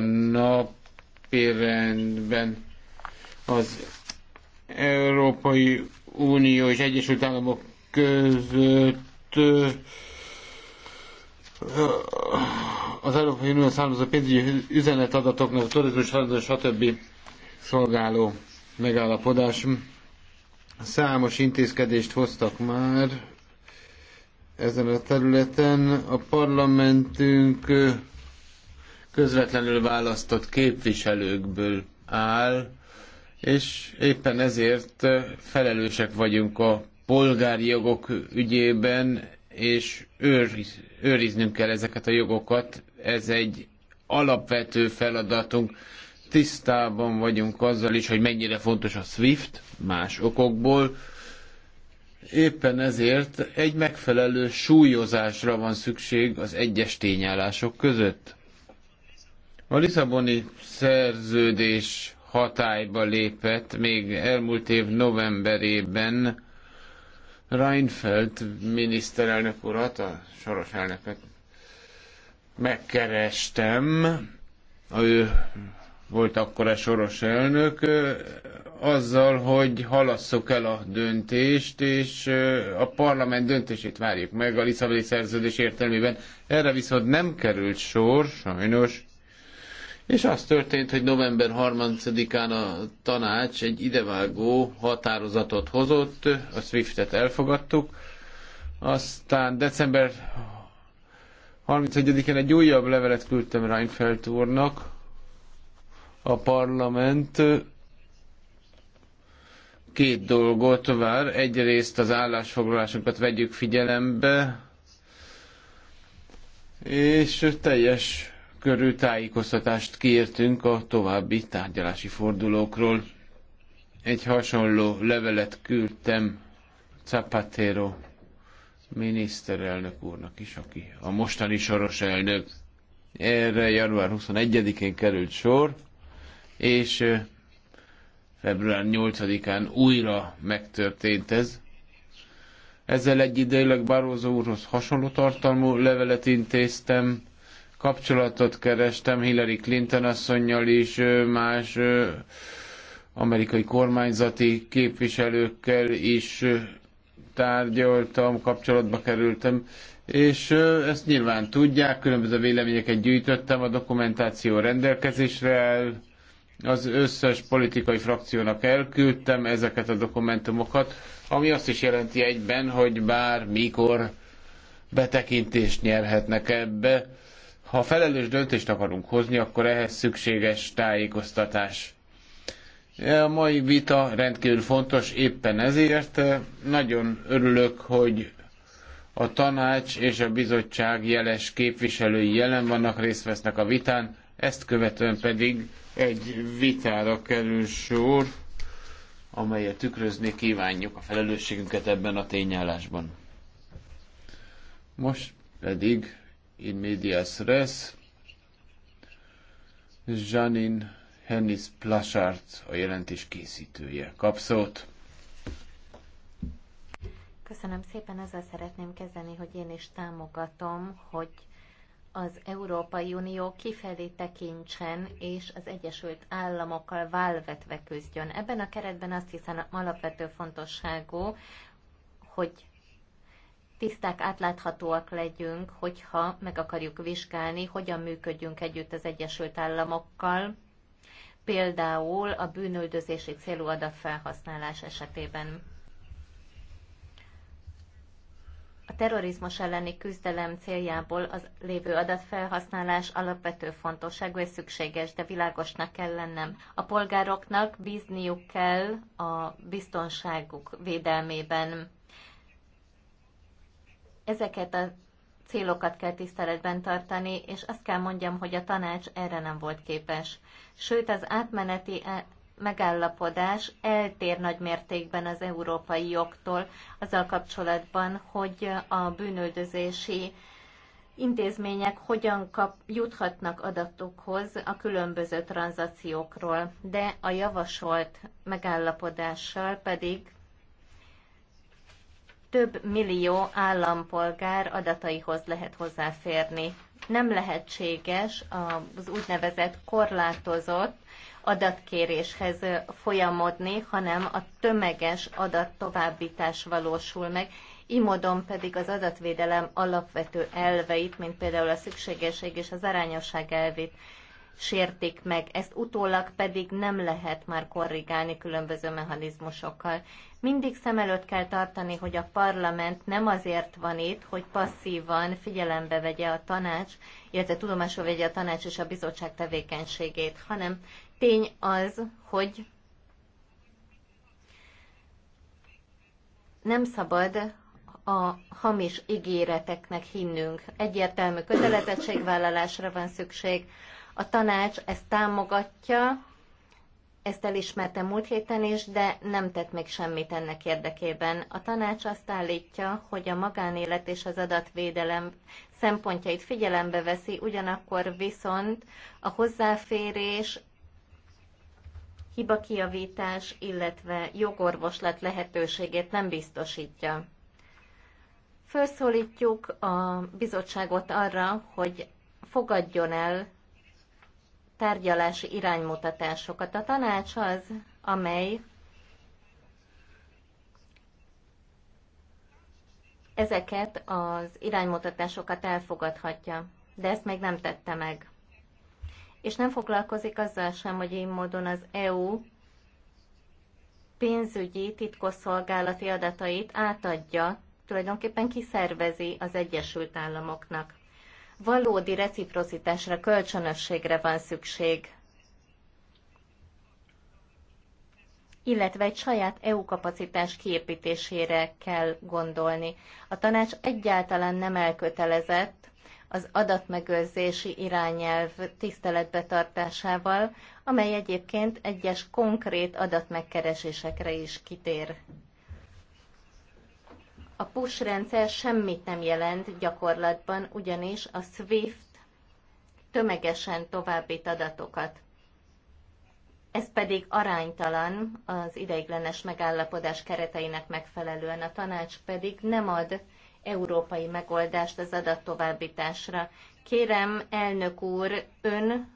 napirendben az Európai Unió és Egyesült Államok között az Európai Unió származó pénzügyi üzenetadatoknak, a turizmus, stb. szolgáló megállapodás. Számos intézkedést hoztak már ezen a területen. A parlamentünk közvetlenül választott képviselőkből áll, és éppen ezért felelősek vagyunk a polgári jogok ügyében, és őriz, őriznünk kell ezeket a jogokat. Ez egy alapvető feladatunk. Tisztában vagyunk azzal is, hogy mennyire fontos a SWIFT más okokból. Éppen ezért egy megfelelő súlyozásra van szükség az egyes tényállások között. A Lisszaboni szerződés hatályba lépett még elmúlt év novemberében Reinfeldt miniszterelnök urat, a soros elnöket megkerestem. Ő volt akkor a soros elnök, azzal, hogy halasszuk el a döntést, és a parlament döntését várjuk meg a Lisszaboni szerződés értelmében. Erre viszont nem került sor, sajnos. És az történt, hogy november 30-án a tanács egy idevágó határozatot hozott, a SWIFT-et elfogadtuk, aztán december 31-én egy újabb levelet küldtem Reinfeldt úrnak, a parlament két dolgot vár. Egyrészt az állásfoglalásunkat vegyük figyelembe, és teljes körű tájékoztatást kértünk a további tárgyalási fordulókról. Egy hasonló levelet küldtem Zapatero miniszterelnök úrnak is, aki a mostani soros elnök. Erre január 21-én került sor, és február 8-án újra megtörtént ez. Ezzel egyidejűleg Barózó úrhoz hasonló tartalmú levelet intéztem, kapcsolatot kerestem Hillary Clinton asszonynal is, más amerikai kormányzati képviselőkkel is tárgyaltam, kapcsolatba kerültem, és ezt nyilván tudják, különböző véleményeket gyűjtöttem, a dokumentáció rendelkezésre áll, az összes politikai frakciónak elküldtem ezeket a dokumentumokat, ami azt is jelenti egyben, hogy bár mikor betekintést nyerhetnek ebbe, ha felelős döntést akarunk hozni, akkor ehhez szükséges tájékoztatás. A mai vita rendkívül fontos, éppen ezért eh, nagyon örülök, hogy a tanács és a bizottság jeles képviselői jelen vannak, részt vesznek a vitán, ezt követően pedig egy vitára kerül sor, amelyet tükrözni kívánjuk a felelősségünket ebben a tényállásban. Most pedig in medias res. Janin Hennis Plasárt, a jelentés készítője. Kap szót. Köszönöm szépen, azzal szeretném kezdeni, hogy én is támogatom, hogy az Európai Unió kifelé tekintsen és az Egyesült Államokkal válvetve küzdjön. Ebben a keretben azt hiszem alapvető fontosságú, hogy tiszták, átláthatóak legyünk, hogyha meg akarjuk vizsgálni, hogyan működjünk együtt az Egyesült Államokkal, például a bűnöldözési célú adatfelhasználás esetében. A terrorizmus elleni küzdelem céljából az lévő adatfelhasználás alapvető fontosságú és szükséges, de világosnak kell lennem. A polgároknak bízniuk kell a biztonságuk védelmében Ezeket a célokat kell tiszteletben tartani, és azt kell mondjam, hogy a tanács erre nem volt képes. Sőt, az átmeneti eh, megállapodás eltér nagy mértékben az európai jogtól azzal kapcsolatban, hogy a bűnöldözési intézmények hogyan kap, juthatnak adatokhoz a különböző tranzakciókról, de a javasolt megállapodással pedig több millió állampolgár adataihoz lehet hozzáférni. Nem lehetséges az úgynevezett korlátozott adatkéréshez folyamodni, hanem a tömeges adattovábbítás valósul meg, így módon pedig az adatvédelem alapvető elveit, mint például a szükségesség és az arányosság elvét sértik meg, ezt utólag pedig nem lehet már korrigálni különböző mechanizmusokkal. Mindig szem előtt kell tartani, hogy a parlament nem azért van itt, hogy passzívan figyelembe vegye a tanács, illetve tudomásul vegye a tanács és a bizottság tevékenységét, hanem tény az, hogy nem szabad a hamis ígéreteknek hinnünk. Egyértelmű kötelezettségvállalásra van szükség, a tanács ezt támogatja, ezt elismerte múlt héten is, de nem tett még semmit ennek érdekében. A tanács azt állítja, hogy a magánélet és az adatvédelem szempontjait figyelembe veszi, ugyanakkor viszont a hozzáférés, hibakijavítás, illetve jogorvoslat lehetőségét nem biztosítja. Felszólítjuk a bizottságot arra, hogy fogadjon el tárgyalási iránymutatásokat. A tanács az, amely ezeket az iránymutatásokat elfogadhatja, de ezt még nem tette meg. És nem foglalkozik azzal sem, hogy én módon az EU pénzügyi titkosszolgálati adatait átadja, tulajdonképpen kiszervezi az Egyesült Államoknak. Valódi reciprocitásra, kölcsönösségre van szükség. illetve egy saját EU kapacitás kiépítésére kell gondolni. A tanács egyáltalán nem elkötelezett az adatmegőrzési irányelv tiszteletbetartásával, amely egyébként egyes konkrét adatmegkeresésekre is kitér. A push rendszer semmit nem jelent gyakorlatban, ugyanis a SWIFT tömegesen továbbít adatokat. Ez pedig aránytalan az ideiglenes megállapodás kereteinek megfelelően. A tanács pedig nem ad európai megoldást az adattovábbításra. Kérem, elnök úr, ön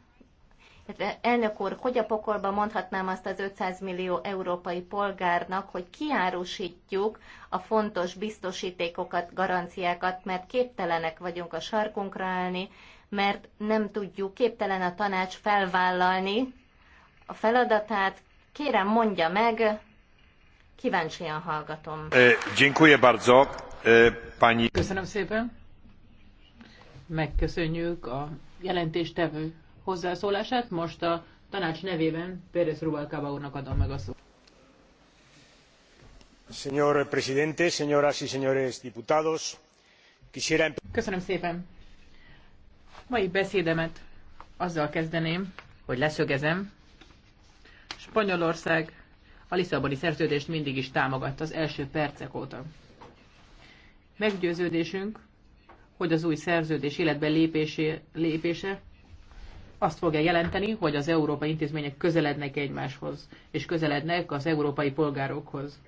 Elnök úr, hogy a pokolba mondhatnám azt az 500 millió európai polgárnak, hogy kiárusítjuk a fontos biztosítékokat, garanciákat, mert képtelenek vagyunk a sarkunkra állni, mert nem tudjuk, képtelen a tanács felvállalni a feladatát. Kérem, mondja meg, kíváncsian hallgatom. E, e, Köszönöm szépen. Megköszönjük a jelentéstevő hozzászólását. Most a tanács nevében Pérez Rubalcaba úrnak adom meg a szót. Señor presidente, señoras y señores diputados, quisiera... Köszönöm szépen. Mai beszédemet azzal kezdeném, hogy leszögezem. Spanyolország a Lisszaboni szerződést mindig is támogatta az első percek óta. Meggyőződésünk, hogy az új szerződés életbe lépése azt fogja jelenteni, hogy az európai intézmények közelednek egymáshoz, és közelednek az európai polgárokhoz.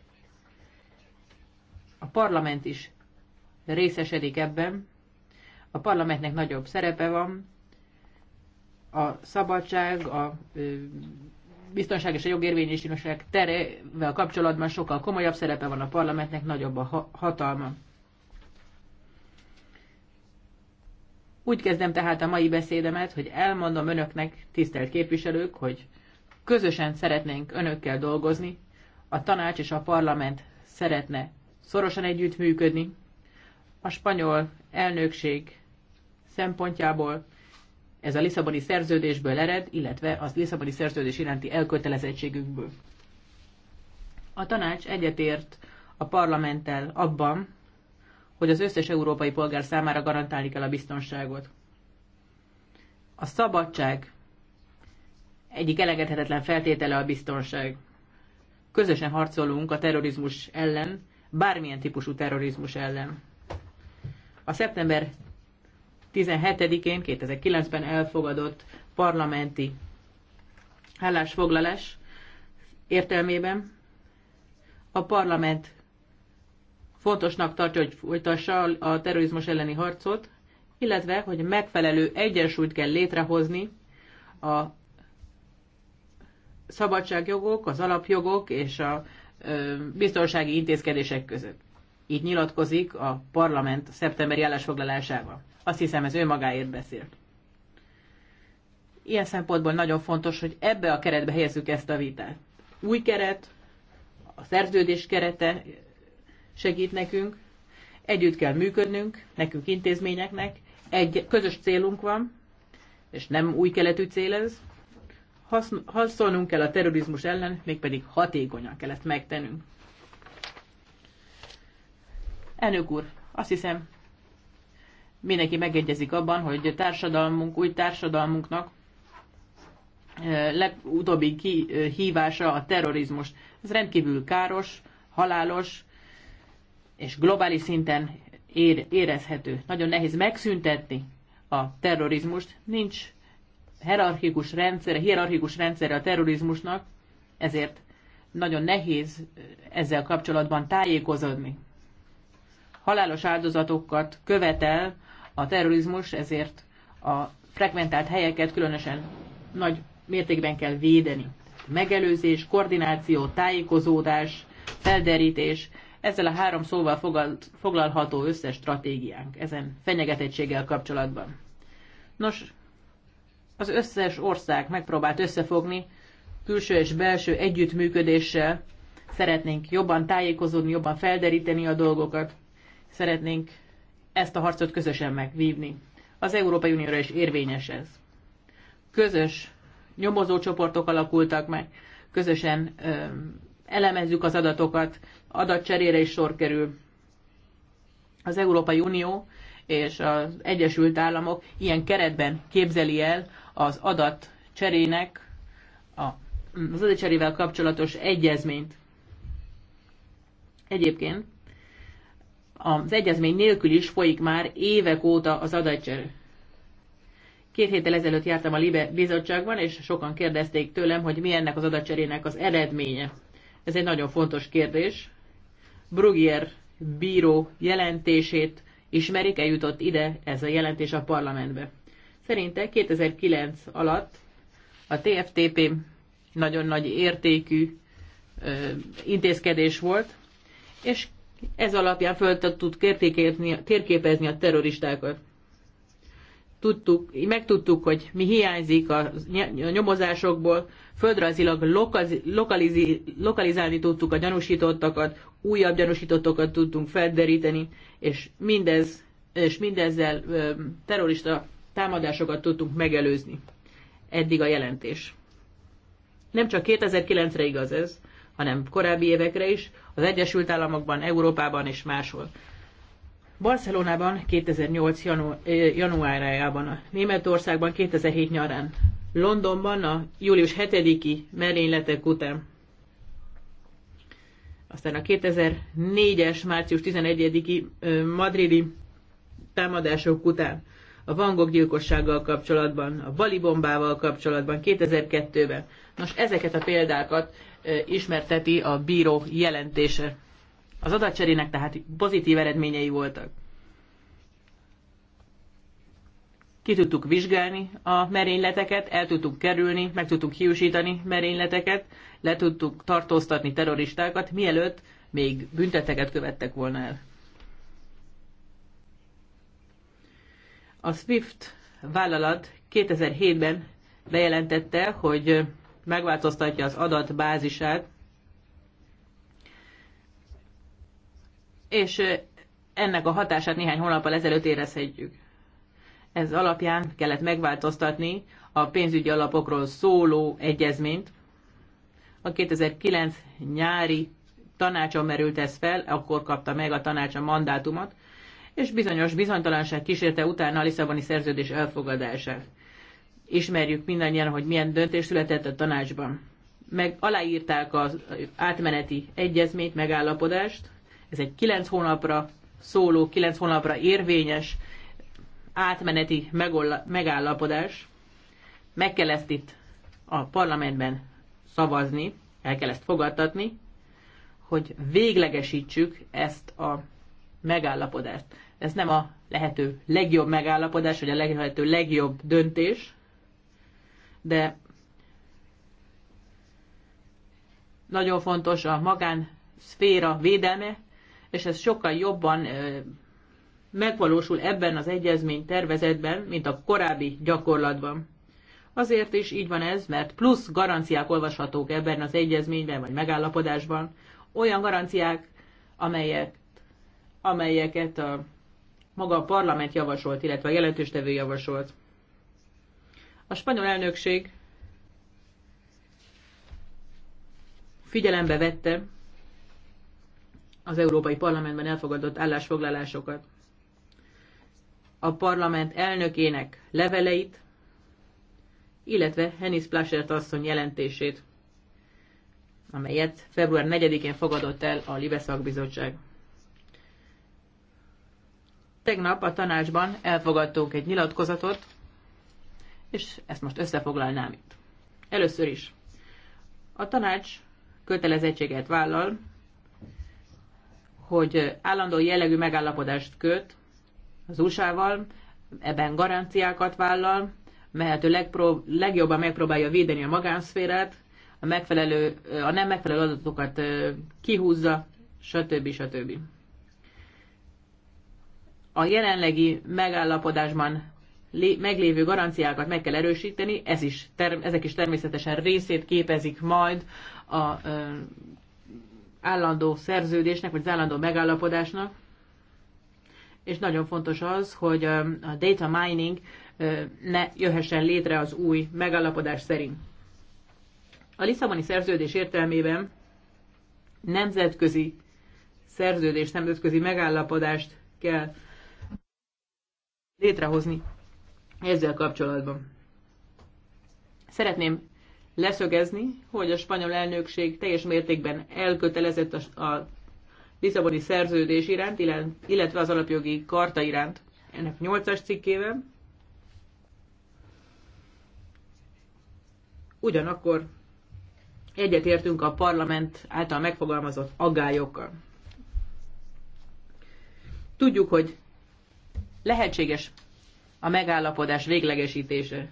A parlament is részesedik ebben, a parlamentnek nagyobb szerepe van, a szabadság, a biztonság és a jogérvényesülések terevel kapcsolatban sokkal komolyabb szerepe van a parlamentnek, nagyobb a hatalma. Úgy kezdem tehát a mai beszédemet, hogy elmondom önöknek, tisztelt képviselők, hogy közösen szeretnénk önökkel dolgozni, a tanács és a parlament szeretne szorosan együttműködni. A spanyol elnökség szempontjából ez a Lisszaboni szerződésből ered, illetve az Lisszaboni szerződés iránti elkötelezettségünkből. A tanács egyetért a parlamenttel abban, hogy az összes európai polgár számára garantálni kell a biztonságot. A szabadság egyik elengedhetetlen feltétele a biztonság. Közösen harcolunk a terrorizmus ellen, bármilyen típusú terrorizmus ellen. A szeptember 17-én, 2009-ben elfogadott parlamenti állásfoglalás értelmében a parlament fontosnak tartja, hogy folytassa a terrorizmus elleni harcot, illetve, hogy megfelelő egyensúlyt kell létrehozni a szabadságjogok, az alapjogok és a biztonsági intézkedések között. Így nyilatkozik a parlament szeptemberi állásfoglalásában. Azt hiszem, ez önmagáért beszélt. Ilyen szempontból nagyon fontos, hogy ebbe a keretbe helyezzük ezt a vitát. Új keret, a szerződés kerete segít nekünk, együtt kell működnünk, nekünk intézményeknek, egy közös célunk van, és nem új keletű cél ez, harcolnunk kell a terrorizmus ellen, mégpedig hatékonyan kell ezt megtennünk. Elnök úr, azt hiszem, mindenki megegyezik abban, hogy a társadalmunk, új társadalmunknak e, legutóbbi kihívása a terrorizmus. Ez rendkívül káros, halálos, és globális szinten ér, érezhető. Nagyon nehéz megszüntetni a terrorizmust, nincs hierarchikus rendszere, hierarchikus rendszere a terrorizmusnak, ezért nagyon nehéz ezzel kapcsolatban tájékozódni. Halálos áldozatokat követel a terrorizmus, ezért a frekventált helyeket különösen nagy mértékben kell védeni. Megelőzés, koordináció, tájékozódás, felderítés, ezzel a három szóval foglalható összes stratégiánk ezen fenyegetettséggel kapcsolatban. Nos, az összes ország megpróbált összefogni, külső és belső együttműködéssel szeretnénk jobban tájékozódni, jobban felderíteni a dolgokat, szeretnénk ezt a harcot közösen megvívni. Az Európai Unióra is érvényes ez. Közös nyomozócsoportok alakultak meg, közösen elemezzük az adatokat, adatcserére is sor kerül. Az Európai Unió és az Egyesült Államok ilyen keretben képzeli el az adatcserének, az adatcserével kapcsolatos egyezményt. Egyébként az egyezmény nélkül is folyik már évek óta az adatcseré. Két héttel ezelőtt jártam a Libe bizottságban, és sokan kérdezték tőlem, hogy mi ennek az adatcserének az eredménye. Ez egy nagyon fontos kérdés. Brugier bíró jelentését ismerik, eljutott ide ez a jelentés a parlamentbe. Szerinte 2009 alatt a TFTP nagyon nagy értékű ö, intézkedés volt, és ez alapján föl tud térképezni a terroristákat. Tudtuk, megtudtuk, hogy mi hiányzik a nyomozásokból, földrajzilag lokaliz, lokalizálni tudtuk a gyanúsítottakat, újabb gyanúsítottokat tudtunk felderíteni, és, mindez, és mindezzel ö, terrorista támadásokat tudtunk megelőzni. Eddig a jelentés. Nem csak 2009-re igaz ez, hanem korábbi évekre is, az Egyesült Államokban, Európában és máshol. Barcelonában 2008 janu- januárjában, Németországban 2007 nyarán, Londonban a július 7-i merényletek után. Aztán a 2004-es március 11-i madridi támadások után, a vangok gyilkossággal kapcsolatban, a bali bombával kapcsolatban 2002-ben. Nos, ezeket a példákat ismerteti a bíró jelentése. Az adatcserének tehát pozitív eredményei voltak. ki tudtuk vizsgálni a merényleteket, el tudtuk kerülni, meg tudtuk hiúsítani merényleteket, le tudtuk tartóztatni terroristákat, mielőtt még bünteteket követtek volna el. A SWIFT vállalat 2007-ben bejelentette, hogy megváltoztatja az adatbázisát, és ennek a hatását néhány hónappal ezelőtt érezhetjük ez alapján kellett megváltoztatni a pénzügyi alapokról szóló egyezményt. A 2009 nyári tanácsa merült ez fel, akkor kapta meg a tanács a mandátumot, és bizonyos bizonytalanság kísérte utána a Lisszaboni szerződés elfogadását. Ismerjük mindannyian, hogy milyen döntés született a tanácsban. Meg aláírták az átmeneti egyezményt, megállapodást, ez egy 9 hónapra szóló, 9 hónapra érvényes átmeneti megállapodás. Meg kell ezt itt a parlamentben szavazni, el kell ezt fogadtatni, hogy véglegesítsük ezt a megállapodást. Ez nem a lehető legjobb megállapodás, vagy a lehető legjobb döntés, de nagyon fontos a magán szféra védelme, és ez sokkal jobban megvalósul ebben az egyezmény tervezetben, mint a korábbi gyakorlatban. Azért is így van ez, mert plusz garanciák olvashatók ebben az egyezményben vagy megállapodásban, olyan garanciák, amelyek, amelyeket a maga a parlament javasolt, illetve a jelentőstevő javasolt. A spanyol elnökség figyelembe vette az Európai Parlamentben elfogadott állásfoglalásokat a parlament elnökének leveleit, illetve Hennis Plasert asszony jelentését, amelyet február 4-én fogadott el a Libe szakbizottság. Tegnap a tanácsban elfogadtunk egy nyilatkozatot, és ezt most összefoglalnám itt. Először is. A tanács kötelezettséget vállal, hogy állandó jellegű megállapodást köt az USA-val, ebben garanciákat vállal, lehető legpró- legjobban megpróbálja védeni a magánszférát, a, megfelelő, a nem megfelelő adatokat kihúzza, stb. stb. A jelenlegi megállapodásban meglévő garanciákat meg kell erősíteni, ez is ezek is természetesen részét képezik majd a állandó szerződésnek, vagy az állandó megállapodásnak és nagyon fontos az, hogy a data mining ne jöhessen létre az új megállapodás szerint. A Lisszaboni szerződés értelmében nemzetközi szerződést, nemzetközi megállapodást kell létrehozni ezzel kapcsolatban. Szeretném leszögezni, hogy a spanyol elnökség teljes mértékben elkötelezett a, a Lisszaboni szerződés iránt, illetve az alapjogi karta iránt. Ennek 8-as Ugyanakkor egyetértünk a parlament által megfogalmazott agályokkal. Tudjuk, hogy lehetséges a megállapodás véglegesítése.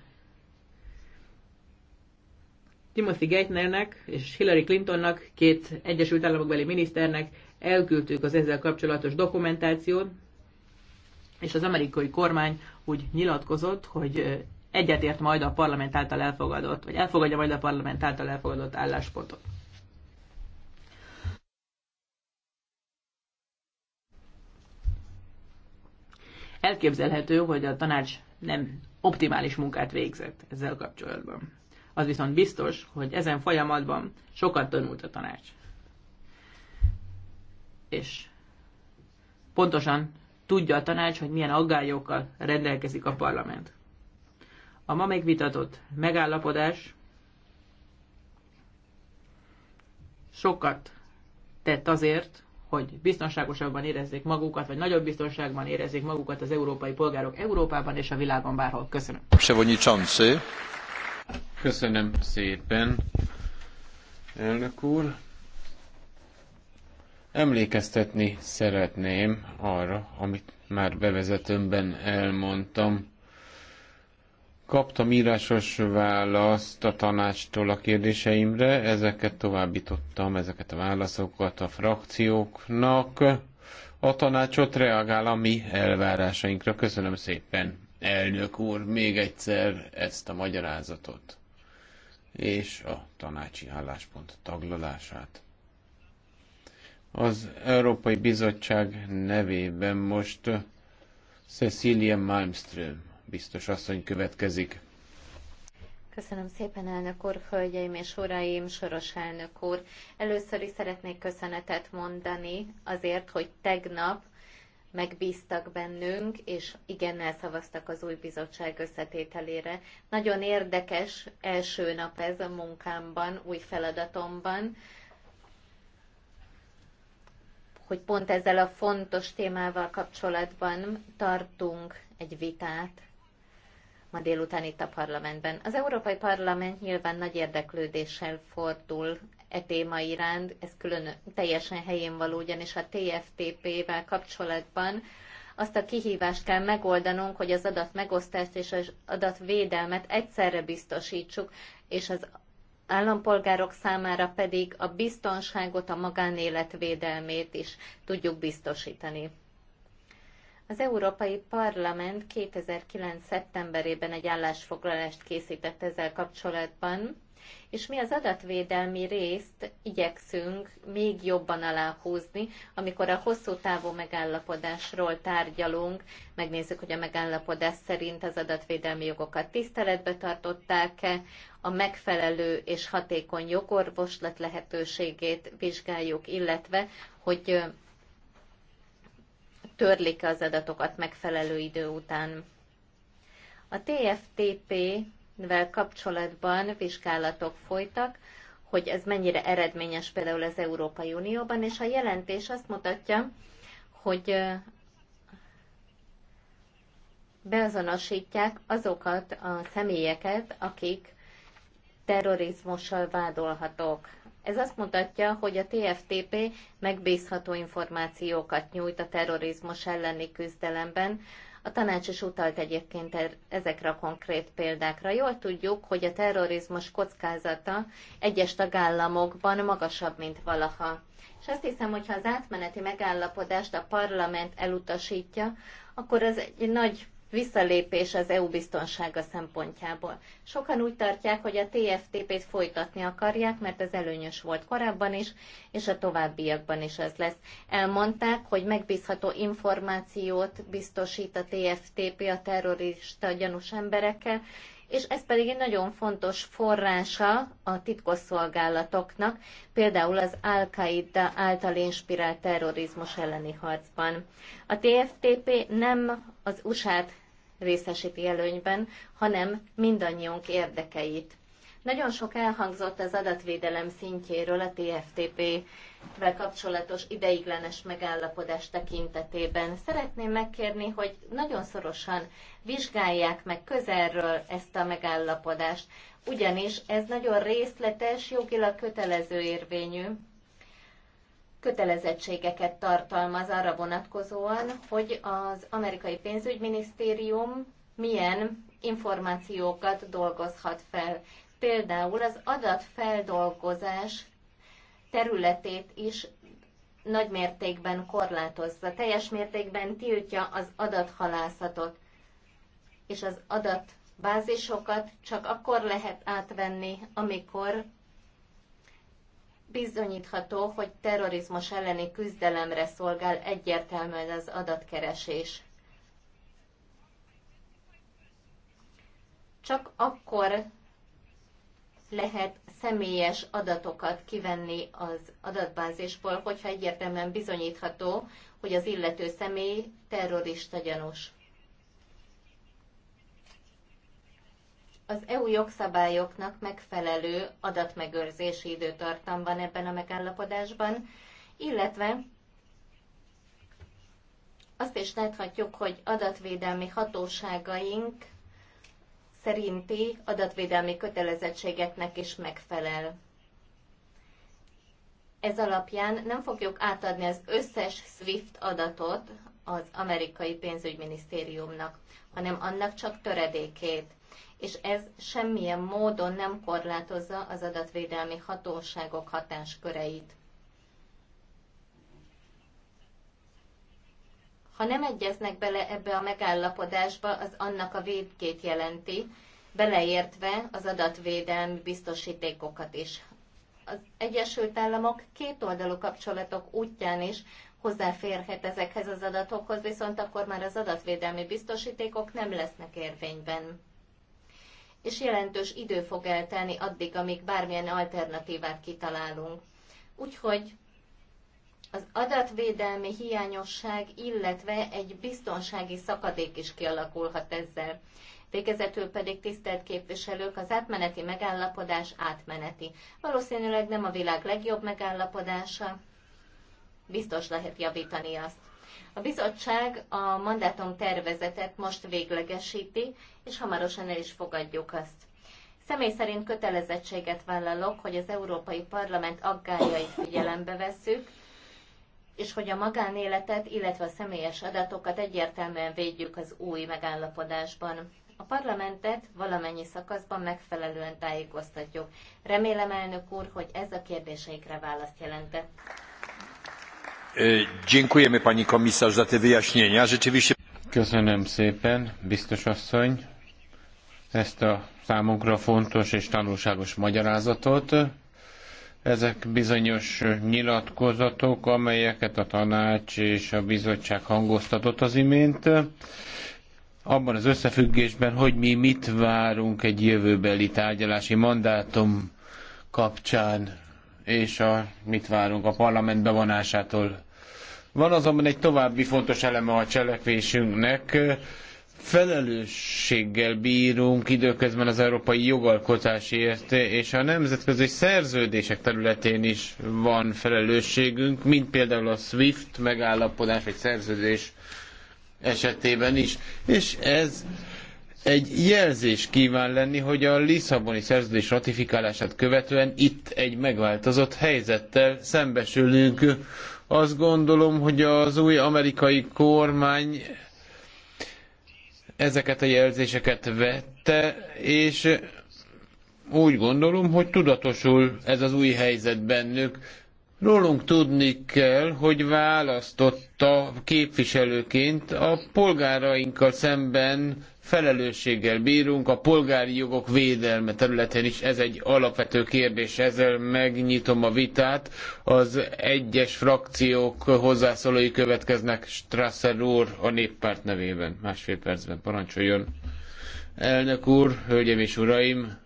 Timothy Geithnernek és Hillary Clintonnak, két Egyesült Államokbeli miniszternek elküldtük az ezzel kapcsolatos dokumentációt, és az amerikai kormány úgy nyilatkozott, hogy egyetért majd a parlament által elfogadott, vagy elfogadja majd a parlament által elfogadott álláspontot. Elképzelhető, hogy a tanács nem optimális munkát végzett ezzel kapcsolatban. Az viszont biztos, hogy ezen folyamatban sokat tanult a tanács és pontosan tudja a tanács, hogy milyen aggályokkal rendelkezik a parlament. A ma megvitatott megállapodás sokat tett azért, hogy biztonságosabban érezzék magukat, vagy nagyobb biztonságban érezzék magukat az európai polgárok Európában és a világon bárhol. Köszönöm. Köszönöm szépen, elnök úr. Emlékeztetni szeretném arra, amit már bevezetőmben elmondtam. Kaptam írásos választ a tanácstól a kérdéseimre, ezeket továbbítottam, ezeket a válaszokat a frakcióknak. A tanácsot reagál a mi elvárásainkra. Köszönöm szépen, elnök úr, még egyszer ezt a magyarázatot és a tanácsi álláspont taglalását. Az Európai Bizottság nevében most Cecilia Malmström biztos asszony következik. Köszönöm szépen, elnök úr, hölgyeim és uraim, soros elnök úr. Először is szeretnék köszönetet mondani azért, hogy tegnap megbíztak bennünk, és igennel szavaztak az új bizottság összetételére. Nagyon érdekes első nap ez a munkámban, új feladatomban hogy pont ezzel a fontos témával kapcsolatban tartunk egy vitát ma délután itt a parlamentben. Az Európai Parlament nyilván nagy érdeklődéssel fordul e téma iránt, ez külön teljesen helyén való, ugyanis a TFTP-vel kapcsolatban azt a kihívást kell megoldanunk, hogy az adatmegosztást és az adatvédelmet egyszerre biztosítsuk, és az állampolgárok számára pedig a biztonságot, a magánélet védelmét is tudjuk biztosítani. Az Európai Parlament 2009. szeptemberében egy állásfoglalást készített ezzel kapcsolatban, és mi az adatvédelmi részt igyekszünk még jobban aláhúzni, amikor a hosszú távú megállapodásról tárgyalunk, megnézzük, hogy a megállapodás szerint az adatvédelmi jogokat tiszteletbe tartották-e, a megfelelő és hatékony jogorvoslat lehetőségét vizsgáljuk, illetve, hogy törlik az adatokat megfelelő idő után. A TFTP vel kapcsolatban vizsgálatok folytak, hogy ez mennyire eredményes például az Európai Unióban, és a jelentés azt mutatja, hogy beazonosítják azokat a személyeket, akik terrorizmussal vádolhatók. Ez azt mutatja, hogy a TFTP megbízható információkat nyújt a terrorizmus elleni küzdelemben, a tanács is utalt egyébként er-, ezekre a konkrét példákra. Jól tudjuk, hogy a terrorizmus kockázata egyes tagállamokban magasabb, mint valaha. És azt hiszem, hogy ha az átmeneti megállapodást a parlament elutasítja, akkor ez egy nagy visszalépés az EU biztonsága szempontjából. Sokan úgy tartják, hogy a TFTP-t folytatni akarják, mert ez előnyös volt korábban is, és a továbbiakban is ez lesz. Elmondták, hogy megbízható információt biztosít a TFTP a terrorista gyanús emberekkel, és ez pedig egy nagyon fontos forrása a titkosszolgálatoknak, például az Al-Qaida által inspirált terrorizmus elleni harcban. A TFTP nem az USA-t részesíti előnyben, hanem mindannyiunk érdekeit. Nagyon sok elhangzott az adatvédelem szintjéről a TFTP-vel kapcsolatos ideiglenes megállapodás tekintetében. Szeretném megkérni, hogy nagyon szorosan vizsgálják meg közelről ezt a megállapodást, ugyanis ez nagyon részletes, jogilag kötelező érvényű, kötelezettségeket tartalmaz arra vonatkozóan, hogy az amerikai pénzügyminisztérium milyen információkat dolgozhat fel. Például az adatfeldolgozás területét is nagy mértékben korlátozza, teljes mértékben tiltja az adathalászatot, és az adatbázisokat csak akkor lehet átvenni, amikor bizonyítható, hogy terrorizmus elleni küzdelemre szolgál egyértelműen az adatkeresés. Csak akkor lehet személyes adatokat kivenni az adatbázisból, hogyha egyértelműen bizonyítható, hogy az illető személy terrorista gyanús. az EU jogszabályoknak megfelelő adatmegőrzési időtartam van ebben a megállapodásban, illetve azt is láthatjuk, hogy adatvédelmi hatóságaink szerinti adatvédelmi kötelezettségeknek is megfelel. Ez alapján nem fogjuk átadni az összes SWIFT adatot az amerikai pénzügyminisztériumnak, hanem annak csak töredékét és ez semmilyen módon nem korlátozza az adatvédelmi hatóságok hatásköreit. Ha nem egyeznek bele ebbe a megállapodásba, az annak a védkét jelenti, beleértve az adatvédelmi biztosítékokat is. Az Egyesült Államok kétoldalú kapcsolatok útján is hozzáférhet ezekhez az adatokhoz, viszont akkor már az adatvédelmi biztosítékok nem lesznek érvényben és jelentős idő fog eltelni addig, amíg bármilyen alternatívát kitalálunk. Úgyhogy az adatvédelmi hiányosság, illetve egy biztonsági szakadék is kialakulhat ezzel. Végezetül pedig tisztelt képviselők, az átmeneti megállapodás átmeneti. Valószínűleg nem a világ legjobb megállapodása, biztos lehet javítani azt. A bizottság a mandátum tervezetet most véglegesíti, és hamarosan el is fogadjuk azt. Személy szerint kötelezettséget vállalok, hogy az Európai Parlament aggájait figyelembe vesszük, és hogy a magánéletet, illetve a személyes adatokat egyértelműen védjük az új megállapodásban. A parlamentet valamennyi szakaszban megfelelően tájékoztatjuk. Remélem, elnök úr, hogy ez a kérdéseikre választ jelentett. E, dziękujemy pani komisarz za te wyjaśnienia. Rzeczywiście... Köszönöm szépen, biztos asszony, ezt a számunkra fontos és tanulságos magyarázatot. Ezek bizonyos nyilatkozatok, amelyeket a tanács és a bizottság hangoztatott az imént abban az összefüggésben, hogy mi mit várunk egy jövőbeli tárgyalási mandátum kapcsán, és a, mit várunk a parlament bevonásától. Van azonban egy további fontos eleme a cselekvésünknek, felelősséggel bírunk időközben az európai jogalkotásért, és a nemzetközi szerződések területén is van felelősségünk, mint például a SWIFT megállapodás vagy szerződés esetében is. És ez egy jelzés kíván lenni, hogy a Lisszaboni szerződés ratifikálását követően itt egy megváltozott helyzettel szembesülünk azt gondolom, hogy az új amerikai kormány ezeket a jelzéseket vette, és úgy gondolom, hogy tudatosul ez az új helyzet bennük, Rólunk tudni kell, hogy választotta képviselőként a polgárainkkal szemben felelősséggel bírunk, a polgári jogok védelme területén is ez egy alapvető kérdés, ezzel megnyitom a vitát. Az egyes frakciók hozzászólói következnek Strasser úr a néppárt nevében. Másfél percben parancsoljon. Elnök úr, hölgyeim és uraim,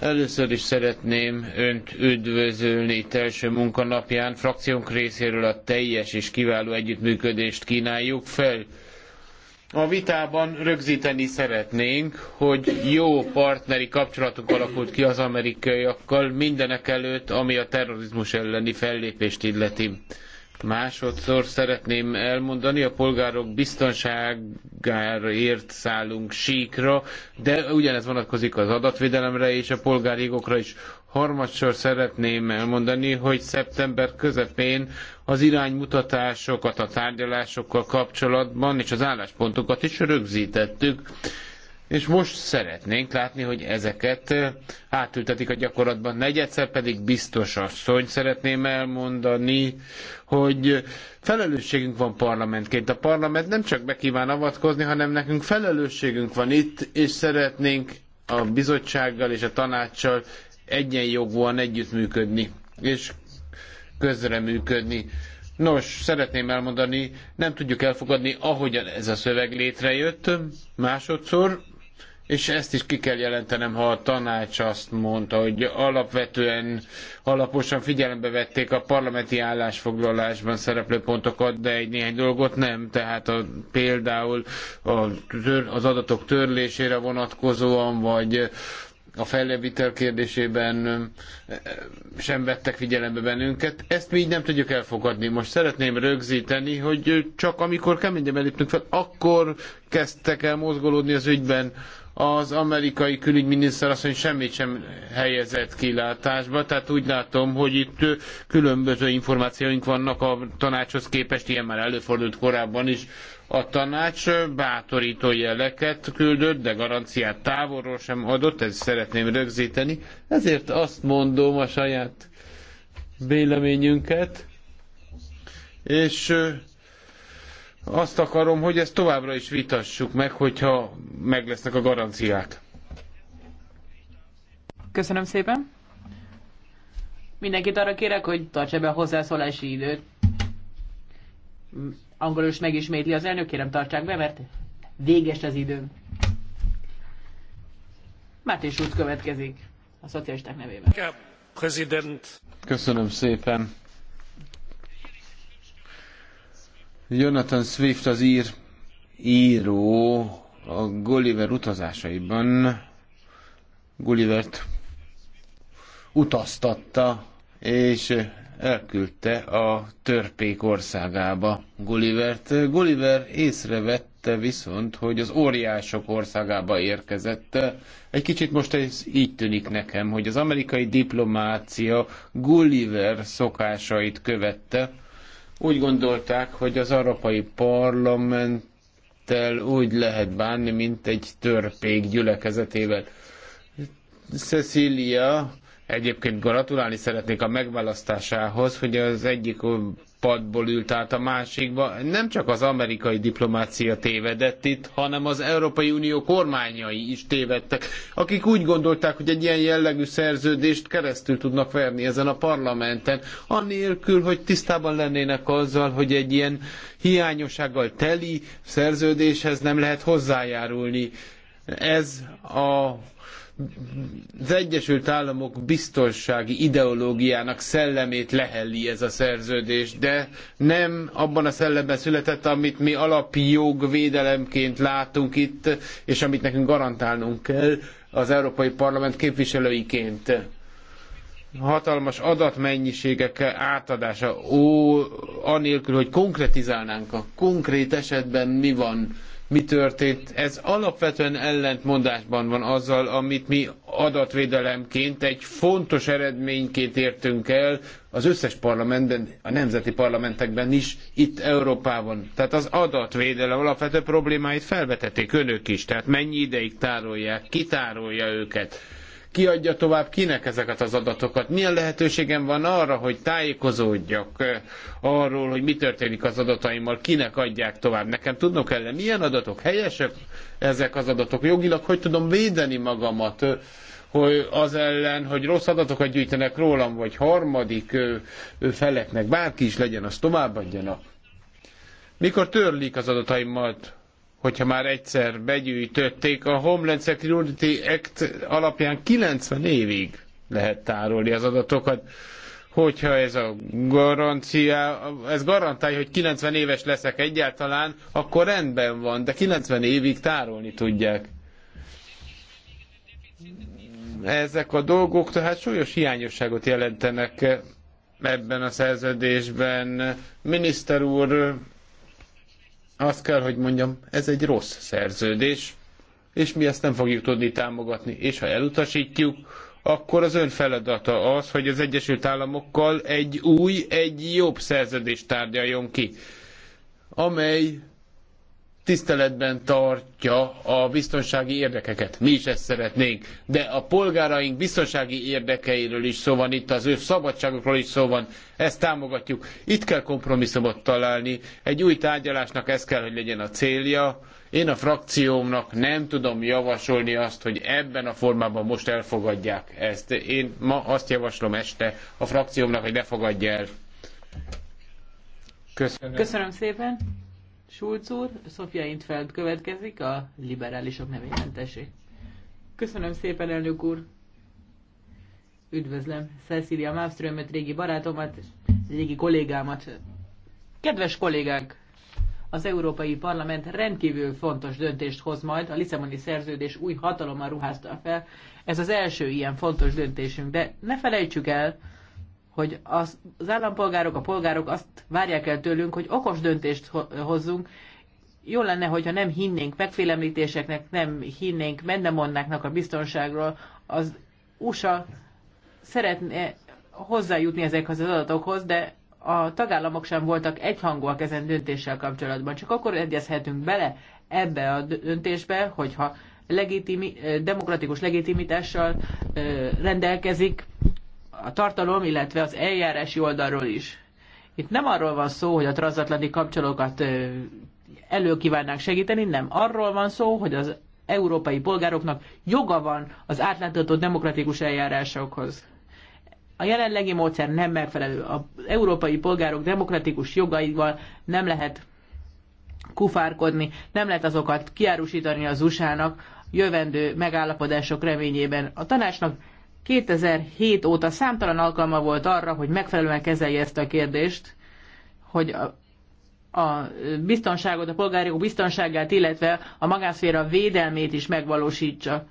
Először is szeretném Önt üdvözölni itt első munkanapján. Frakciónk részéről a teljes és kiváló együttműködést kínáljuk fel. A vitában rögzíteni szeretnénk, hogy jó partneri kapcsolatunk alakult ki az amerikaiakkal mindenekelőtt, ami a terrorizmus elleni fellépést illeti Másodszor szeretném elmondani, a polgárok biztonságára ért szállunk síkra, de ugyanez vonatkozik az adatvédelemre és a polgári jogokra is. Harmadszor szeretném elmondani, hogy szeptember közepén az iránymutatásokat a tárgyalásokkal kapcsolatban és az álláspontokat is rögzítettük és most szeretnénk látni, hogy ezeket átültetik a gyakorlatban. Negyedszer pedig biztos asszony szeretném elmondani, hogy felelősségünk van parlamentként. A parlament nem csak be kíván avatkozni, hanem nekünk felelősségünk van itt, és szeretnénk a bizottsággal és a tanácssal egyenjogúan együttműködni, és közreműködni. Nos, szeretném elmondani, nem tudjuk elfogadni, ahogyan ez a szöveg létrejött másodszor, és ezt is ki kell jelentenem, ha a tanács azt mondta, hogy alapvetően alaposan figyelembe vették a parlamenti állásfoglalásban szereplő pontokat, de egy néhány dolgot nem. Tehát a, például a, az adatok törlésére vonatkozóan, vagy a fellevitel kérdésében sem vettek figyelembe bennünket. Ezt mi így nem tudjuk elfogadni. Most szeretném rögzíteni, hogy csak amikor keményen léptünk fel, akkor kezdtek el mozgolódni az ügyben az amerikai külügyminiszter azt mondja, hogy semmit sem helyezett kilátásba, tehát úgy látom, hogy itt különböző információink vannak a tanácshoz képest, ilyen már előfordult korábban is. A tanács bátorító jeleket küldött, de garanciát távolról sem adott, ezt szeretném rögzíteni. Ezért azt mondom a saját véleményünket, és azt akarom, hogy ezt továbbra is vitassuk meg, hogyha meg lesznek a garanciák. Köszönöm szépen. Mindenkit arra kérek, hogy tartsa be a hozzászólási időt. Angolul is megismétli az elnök, kérem tartsák be, mert véges az időm. Máté Schulz következik a szocialisták nevében. Köszönöm szépen. Jonathan Swift az ír író a Gulliver utazásaiban Gullivert utaztatta, és elküldte a törpék országába Gullivert. Gulliver észrevette viszont, hogy az óriások országába érkezett. Egy kicsit most ez így tűnik nekem, hogy az amerikai diplomácia Gulliver szokásait követte, úgy gondolták, hogy az arapai Parlamenttel úgy lehet bánni, mint egy törpék gyülekezetével. Cecilia, egyébként gratulálni szeretnék a megválasztásához, hogy az egyik padból ült át a másikba. Nem csak az amerikai diplomácia tévedett itt, hanem az Európai Unió kormányai is tévedtek, akik úgy gondolták, hogy egy ilyen jellegű szerződést keresztül tudnak verni ezen a parlamenten, anélkül, hogy tisztában lennének azzal, hogy egy ilyen hiányossággal teli szerződéshez nem lehet hozzájárulni. Ez a az Egyesült Államok biztonsági ideológiának szellemét lehelli ez a szerződés, de nem abban a szellemben született, amit mi jogvédelemként látunk itt, és amit nekünk garantálnunk kell az Európai Parlament képviselőiként hatalmas adatmennyiségek átadása, ó, anélkül, hogy konkretizálnánk a konkrét esetben mi van, mi történt. Ez alapvetően ellentmondásban van azzal, amit mi adatvédelemként egy fontos eredményként értünk el az összes parlamentben, a nemzeti parlamentekben is, itt Európában. Tehát az adatvédelem alapvető problémáit felvetették önök is. Tehát mennyi ideig tárolják, kitárolja őket ki adja tovább kinek ezeket az adatokat? Milyen lehetőségem van arra, hogy tájékozódjak eh, arról, hogy mi történik az adataimmal, kinek adják tovább? Nekem tudnom kell, milyen adatok helyesek ezek az adatok? Jogilag hogy tudom védeni magamat? Eh, hogy az ellen, hogy rossz adatokat gyűjtenek rólam, vagy harmadik eh, feleknek, bárki is legyen, azt továbbadjanak. Mikor törlik az adataimat, hogyha már egyszer begyűjtötték, a Homeland Security Act alapján 90 évig lehet tárolni az adatokat. Hogyha ez a garancia, ez garantálja, hogy 90 éves leszek egyáltalán, akkor rendben van, de 90 évig tárolni tudják. Ezek a dolgok tehát súlyos hiányosságot jelentenek ebben a szerződésben. Miniszter úr, azt kell, hogy mondjam, ez egy rossz szerződés, és mi ezt nem fogjuk tudni támogatni. És ha elutasítjuk, akkor az ön feladata az, hogy az Egyesült Államokkal egy új, egy jobb szerződést tárgyaljon ki, amely tiszteletben tartja a biztonsági érdekeket. Mi is ezt szeretnénk, de a polgáraink biztonsági érdekeiről is szó van, itt az ő szabadságokról is szó van, ezt támogatjuk. Itt kell kompromisszumot találni, egy új tárgyalásnak ez kell, hogy legyen a célja. Én a frakciómnak nem tudom javasolni azt, hogy ebben a formában most elfogadják ezt. Én ma azt javaslom este a frakciómnak, hogy ne fogadja el. Köszönöm. Köszönöm szépen. Schulz úr, Sofia Intfeld következik a liberálisok nevében, tessék. Köszönöm szépen, elnök úr. Üdvözlöm Cecilia Malmströmet, régi barátomat, régi kollégámat. Kedves kollégák, az Európai Parlament rendkívül fontos döntést hoz majd, a Lisszaboni szerződés új hatalommal ruházta fel. Ez az első ilyen fontos döntésünk, de ne felejtsük el, hogy az, az állampolgárok, a polgárok azt várják el tőlünk, hogy okos döntést hozzunk. Jó lenne, hogyha nem hinnénk megfélemlítéseknek, nem hinnénk mendemonnáknak a biztonságról. Az USA szeretne hozzájutni ezekhez az adatokhoz, de a tagállamok sem voltak egyhangúak ezen döntéssel kapcsolatban. Csak akkor egyezhetünk bele ebbe a döntésbe, hogyha legitimi, demokratikus legitimitással rendelkezik a tartalom, illetve az eljárási oldalról is. Itt nem arról van szó, hogy a transatlanti kapcsolókat elő kívánnák segíteni, nem. Arról van szó, hogy az európai polgároknak joga van az átlátható demokratikus eljárásokhoz. A jelenlegi módszer nem megfelelő. Az európai polgárok demokratikus jogaival nem lehet kufárkodni, nem lehet azokat kiárusítani az USA-nak jövendő megállapodások reményében. A tanácsnak 2007 óta számtalan alkalma volt arra, hogy megfelelően kezelje ezt a kérdést, hogy a, a biztonságot, a polgári jog biztonságát, illetve a magánszféra védelmét is megvalósítsa.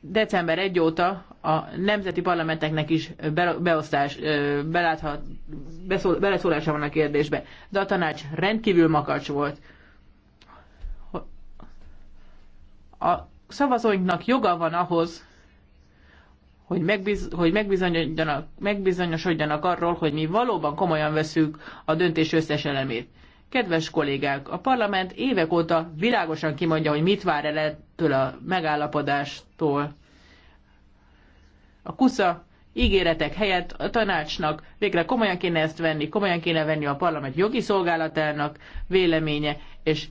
December 1 óta a nemzeti parlamenteknek is beosztás, beláthat, beszól, beleszólása van a kérdésbe. De a tanács rendkívül makacs volt. A szavazóinknak joga van ahhoz, hogy, megbiz, hogy megbizonyosodjanak, megbizonyosodjanak arról, hogy mi valóban komolyan veszük a döntés összes elemét. Kedves kollégák, a parlament évek óta világosan kimondja, hogy mit vár el ettől a megállapodástól. A kusza ígéretek helyett a tanácsnak végre komolyan kéne ezt venni, komolyan kéne venni a parlament jogi szolgálatának véleménye, és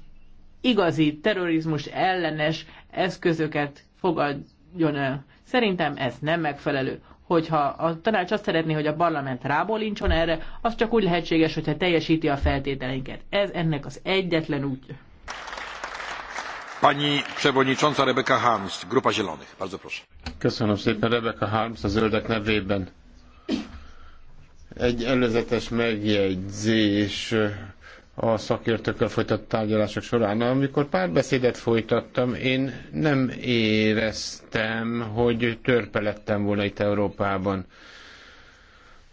igazi terrorizmus ellenes eszközöket fogadjon el. Szerintem ez nem megfelelő. Hogyha a tanács azt szeretné, hogy a parlament rábólincson erre, az csak úgy lehetséges, hogyha teljesíti a feltételeinket. Ez ennek az egyetlen útja. Pani Przewodnicząca Rebecca Harms, Grupa Zielonych. Bardzo proszę. Köszönöm szépen, Rebecca Harms a zöldek nevében. Egy előzetes megjegyzés a szakértőkkel folytatott tárgyalások során. Amikor párbeszédet folytattam, én nem éreztem, hogy törpe lettem volna itt Európában.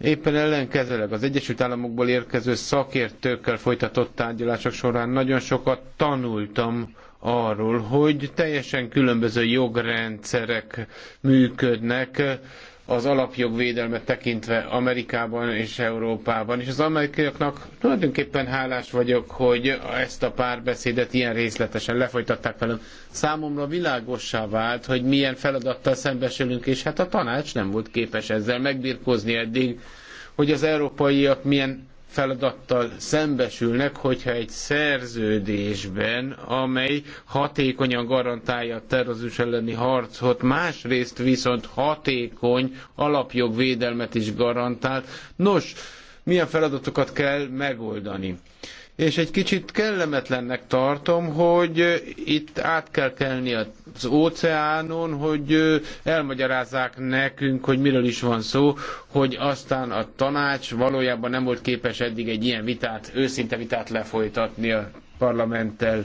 Éppen ellenkezőleg az Egyesült Államokból érkező szakértőkkel folytatott tárgyalások során nagyon sokat tanultam arról, hogy teljesen különböző jogrendszerek működnek, az alapjogvédelmet tekintve Amerikában és Európában. És az amerikaiaknak tulajdonképpen hálás vagyok, hogy ezt a párbeszédet ilyen részletesen lefolytatták velem. Számomra világossá vált, hogy milyen feladattal szembesülünk, és hát a tanács nem volt képes ezzel megbirkózni eddig, hogy az európaiak milyen feladattal szembesülnek, hogyha egy szerződésben, amely hatékonyan garantálja a terrorizmus elleni harcot, másrészt viszont hatékony alapjogvédelmet védelmet is garantált. Nos, milyen feladatokat kell megoldani? és egy kicsit kellemetlennek tartom, hogy itt át kell kelni az óceánon, hogy elmagyarázzák nekünk, hogy miről is van szó, hogy aztán a tanács valójában nem volt képes eddig egy ilyen vitát, őszinte vitát lefolytatni a parlamenttel.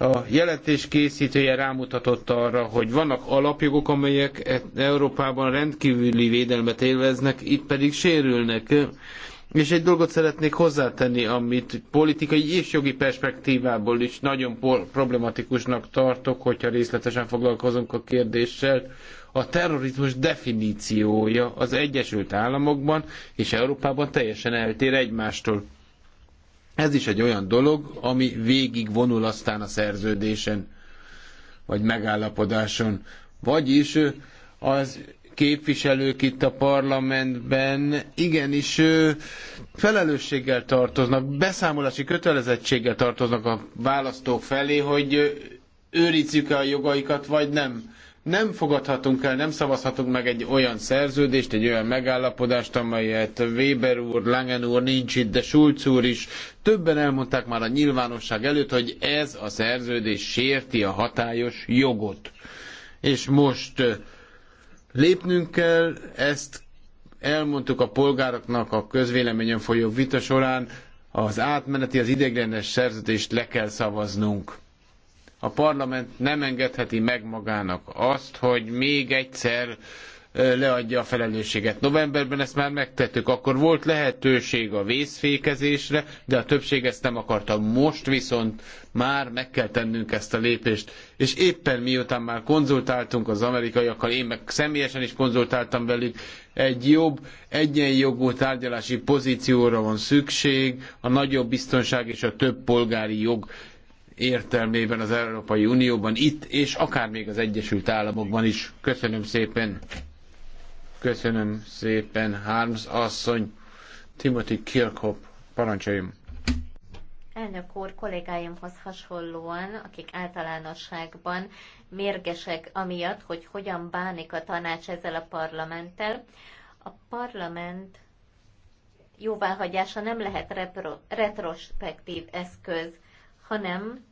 A jelentés készítője rámutatott arra, hogy vannak alapjogok, amelyek e- Európában rendkívüli védelmet élveznek, itt pedig sérülnek és egy dolgot szeretnék hozzátenni, amit politikai és jogi perspektívából is nagyon problematikusnak tartok, hogyha részletesen foglalkozunk a kérdéssel. A terrorizmus definíciója az Egyesült Államokban és Európában teljesen eltér egymástól. Ez is egy olyan dolog, ami végig vonul aztán a szerződésen, vagy megállapodáson. Vagyis az képviselők itt a parlamentben igenis felelősséggel tartoznak, beszámolási kötelezettséggel tartoznak a választók felé, hogy őrizzük-e a jogaikat, vagy nem. Nem fogadhatunk el, nem szavazhatunk meg egy olyan szerződést, egy olyan megállapodást, amelyet Weber úr, Langen úr nincs itt, de Schulz úr is. Többen elmondták már a nyilvánosság előtt, hogy ez a szerződés sérti a hatályos jogot. És most Lépnünk kell, ezt elmondtuk a polgároknak a közvéleményen folyó vita során, az átmeneti, az ideiglenes szerződést le kell szavaznunk. A parlament nem engedheti meg magának azt, hogy még egyszer leadja a felelősséget. Novemberben ezt már megtettük, akkor volt lehetőség a vészfékezésre, de a többség ezt nem akarta. Most viszont már meg kell tennünk ezt a lépést. És éppen miután már konzultáltunk az amerikaiakkal, én meg személyesen is konzultáltam velük, egy jobb, egyenjogú tárgyalási pozícióra van szükség, a nagyobb biztonság és a több polgári jog értelmében az Európai Unióban, itt és akár még az Egyesült Államokban is. Köszönöm szépen! Köszönöm szépen, Harms asszony. Timothy Kirkhope, parancsoljon. Elnök úr, kollégáimhoz hasonlóan, akik általánosságban mérgesek amiatt, hogy hogyan bánik a tanács ezzel a parlamenttel, a parlament jóváhagyása nem lehet repro, retrospektív eszköz, hanem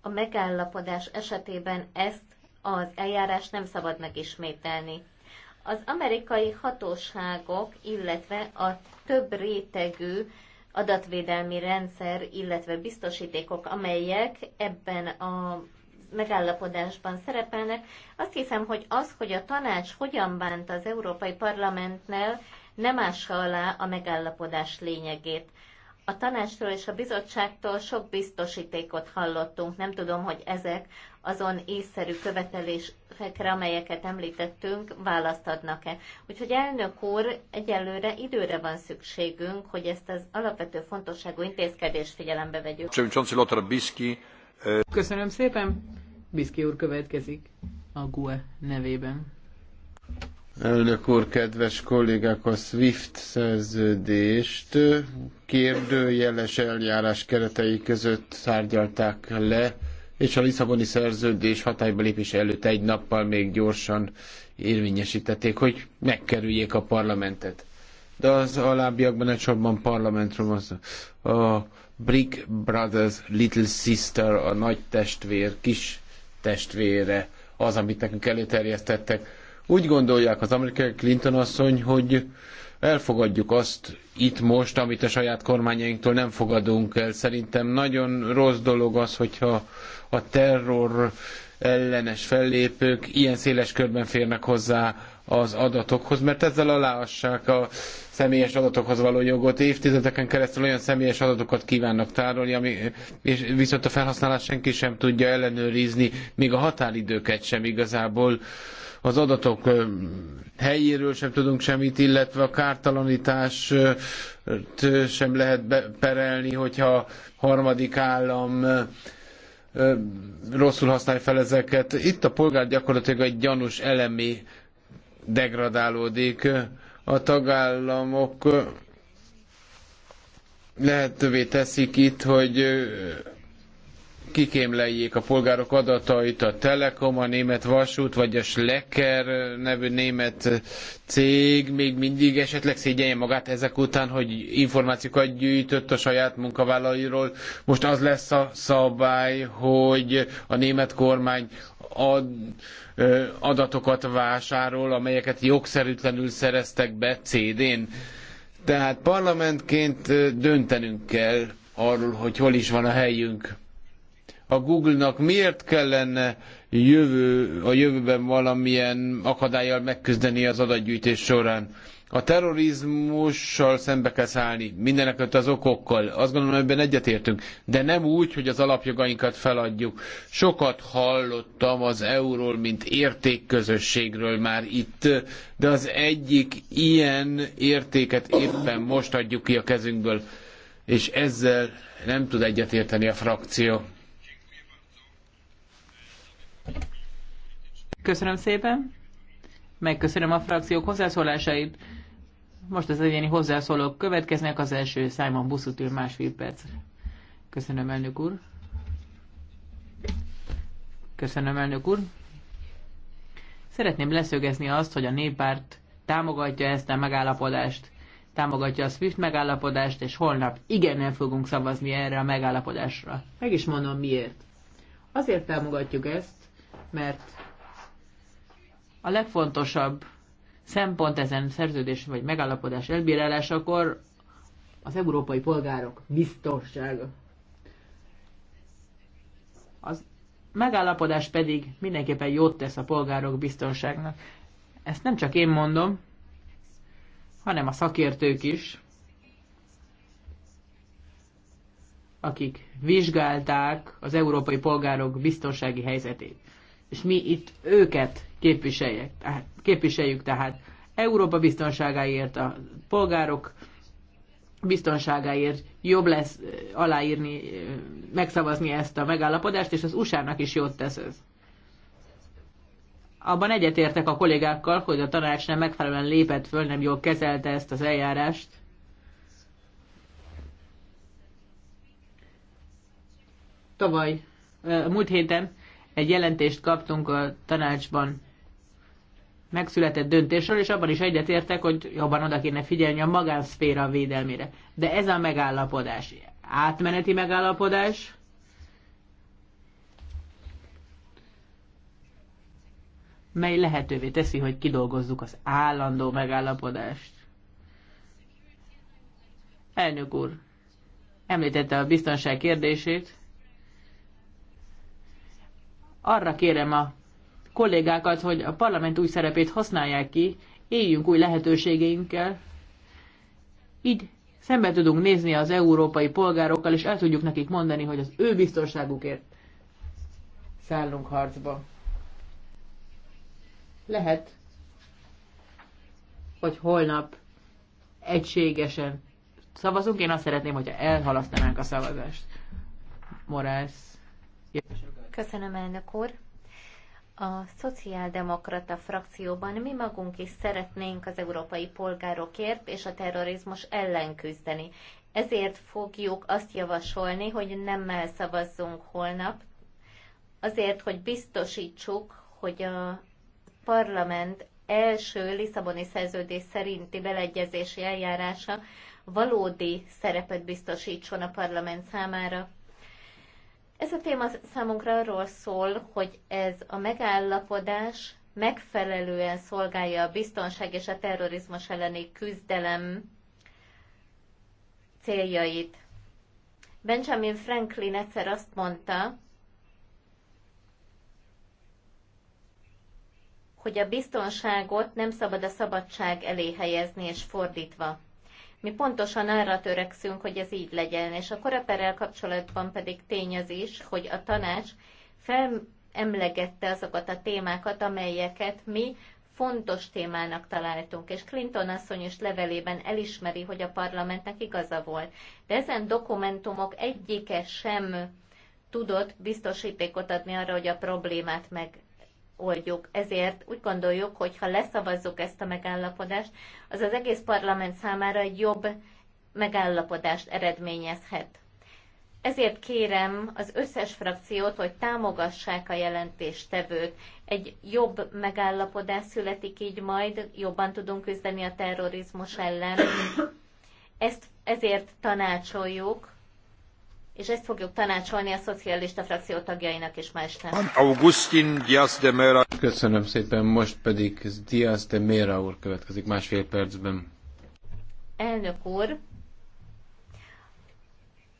a megállapodás esetében ezt az eljárást nem szabad megismételni. Az amerikai hatóságok, illetve a több rétegű adatvédelmi rendszer, illetve biztosítékok, amelyek ebben a megállapodásban szerepelnek. Azt hiszem, hogy az, hogy a tanács hogyan bánt az Európai Parlamentnel, nem ássa alá a megállapodás lényegét. A tanácstól és a bizottságtól sok biztosítékot hallottunk, nem tudom, hogy ezek azon észszerű követelés kérdésekre, amelyeket említettünk, választ adnak-e. Úgyhogy elnök úr, egyelőre időre van szükségünk, hogy ezt az alapvető fontosságú intézkedést figyelembe vegyük. E, Köszönöm szépen. Biszki úr következik a GUE nevében. Elnök úr, kedves kollégák, a SWIFT szerződést kérdőjeles eljárás keretei között tárgyalták le és a Lisszaboni szerződés hatályba lépése előtt egy nappal még gyorsan érvényesítették, hogy megkerüljék a parlamentet. De az alábbiakban elsősorban parlamentről van szó. A Big Brothers Little Sister, a nagy testvér, kis testvére, az, amit nekünk előterjesztettek. Úgy gondolják az amerikai Clinton asszony, hogy elfogadjuk azt itt most, amit a saját kormányainktól nem fogadunk el. Szerintem nagyon rossz dolog az, hogyha a terror ellenes fellépők ilyen széles körben férnek hozzá az adatokhoz, mert ezzel aláassák a személyes adatokhoz való jogot. Évtizedeken keresztül olyan személyes adatokat kívánnak tárolni, ami, és viszont a felhasználás senki sem tudja ellenőrizni, még a határidőket sem igazából. Uh, az adatok helyéről sem tudunk semmit, illetve a kártalanítás sem lehet perelni, hogyha harmadik állam rosszul használja fel ezeket. Itt a polgár gyakorlatilag egy gyanús elemé degradálódik. A tagállamok lehetővé teszik itt, hogy kikémleljék a polgárok adatait, a Telekom, a német vasút, vagy a Schlecker nevű német cég még mindig esetleg szégyenje magát ezek után, hogy információkat gyűjtött a saját munkavállalóiról. Most az lesz a szabály, hogy a német kormány ad, adatokat vásárol, amelyeket jogszerűtlenül szereztek be CD-n. Tehát parlamentként döntenünk kell arról, hogy hol is van a helyünk a Google-nak miért kellene jövő, a jövőben valamilyen akadályjal megküzdeni az adatgyűjtés során. A terrorizmussal szembe kell szállni, mindenek az okokkal. Azt gondolom, ebben egyetértünk, de nem úgy, hogy az alapjogainkat feladjuk. Sokat hallottam az euról, mint értékközösségről már itt, de az egyik ilyen értéket éppen most adjuk ki a kezünkből, és ezzel nem tud egyetérteni a frakció. Köszönöm szépen. Megköszönöm a frakciók hozzászólásait. Most az egyéni hozzászólók következnek, az első Simon Buszutil másfél perc. Köszönöm, elnök úr. Köszönöm, elnök úr. Szeretném leszögezni azt, hogy a néppárt támogatja ezt a megállapodást, támogatja a SWIFT megállapodást, és holnap igen nem fogunk szavazni erre a megállapodásra. Meg is mondom miért. Azért támogatjuk ezt, mert a legfontosabb szempont ezen szerződés vagy megállapodás elbírálásakor az európai polgárok biztonsága. Az megállapodás pedig mindenképpen jót tesz a polgárok biztonságnak. Ezt nem csak én mondom, hanem a szakértők is, akik vizsgálták az európai polgárok biztonsági helyzetét. És mi itt őket képviseljek, tehát, képviseljük tehát. Európa biztonságáért, a polgárok biztonságáért jobb lesz aláírni, megszavazni ezt a megállapodást, és az USA-nak is jót tesz ez. Abban egyetértek a kollégákkal, hogy a tanács nem megfelelően lépett föl, nem jól kezelte ezt az eljárást. Tavaly, múlt héten egy jelentést kaptunk a tanácsban megszületett döntésről, és abban is egyetértek, hogy jobban oda kéne figyelni a magánszféra védelmére. De ez a megállapodás, átmeneti megállapodás, mely lehetővé teszi, hogy kidolgozzuk az állandó megállapodást. Elnök úr, említette a biztonság kérdését. Arra kérem a kollégákat, hogy a parlament új szerepét használják ki, éljünk új lehetőségeinkkel. Így szembe tudunk nézni az európai polgárokkal, és el tudjuk nekik mondani, hogy az ő biztonságukért szállunk harcba. Lehet, hogy holnap egységesen szavazunk. Én azt szeretném, hogyha elhalasztanánk a szavazást. Morász. Köszönöm, elnök úr a szociáldemokrata frakcióban mi magunk is szeretnénk az európai polgárokért és a terrorizmus ellen küzdeni. Ezért fogjuk azt javasolni, hogy nem elszavazzunk holnap, azért, hogy biztosítsuk, hogy a parlament első Lisszaboni szerződés szerinti beleegyezési eljárása valódi szerepet biztosítson a parlament számára. Ez a téma számunkra arról szól, hogy ez a megállapodás megfelelően szolgálja a biztonság és a terrorizmus elleni küzdelem céljait. Benjamin Franklin egyszer azt mondta, hogy a biztonságot nem szabad a szabadság elé helyezni, és fordítva. Mi pontosan arra törekszünk, hogy ez így legyen, és a koreperrel kapcsolatban pedig tény az is, hogy a tanács felemlegette azokat a témákat, amelyeket mi fontos témának találtunk, és Clinton asszony is levelében elismeri, hogy a parlamentnek igaza volt. De ezen dokumentumok egyike sem tudott biztosítékot adni arra, hogy a problémát meg oldjuk. Ezért úgy gondoljuk, hogy ha leszavazzuk ezt a megállapodást, az az egész parlament számára egy jobb megállapodást eredményezhet. Ezért kérem az összes frakciót, hogy támogassák a jelentéstevőt. Egy jobb megállapodás születik így majd, jobban tudunk küzdeni a terrorizmus ellen. Ezt ezért tanácsoljuk és ezt fogjuk tanácsolni a szocialista frakció tagjainak is ma este. Augustin Diaz de Mera. Köszönöm szépen, most pedig Diaz de Mera úr következik másfél percben. Elnök úr,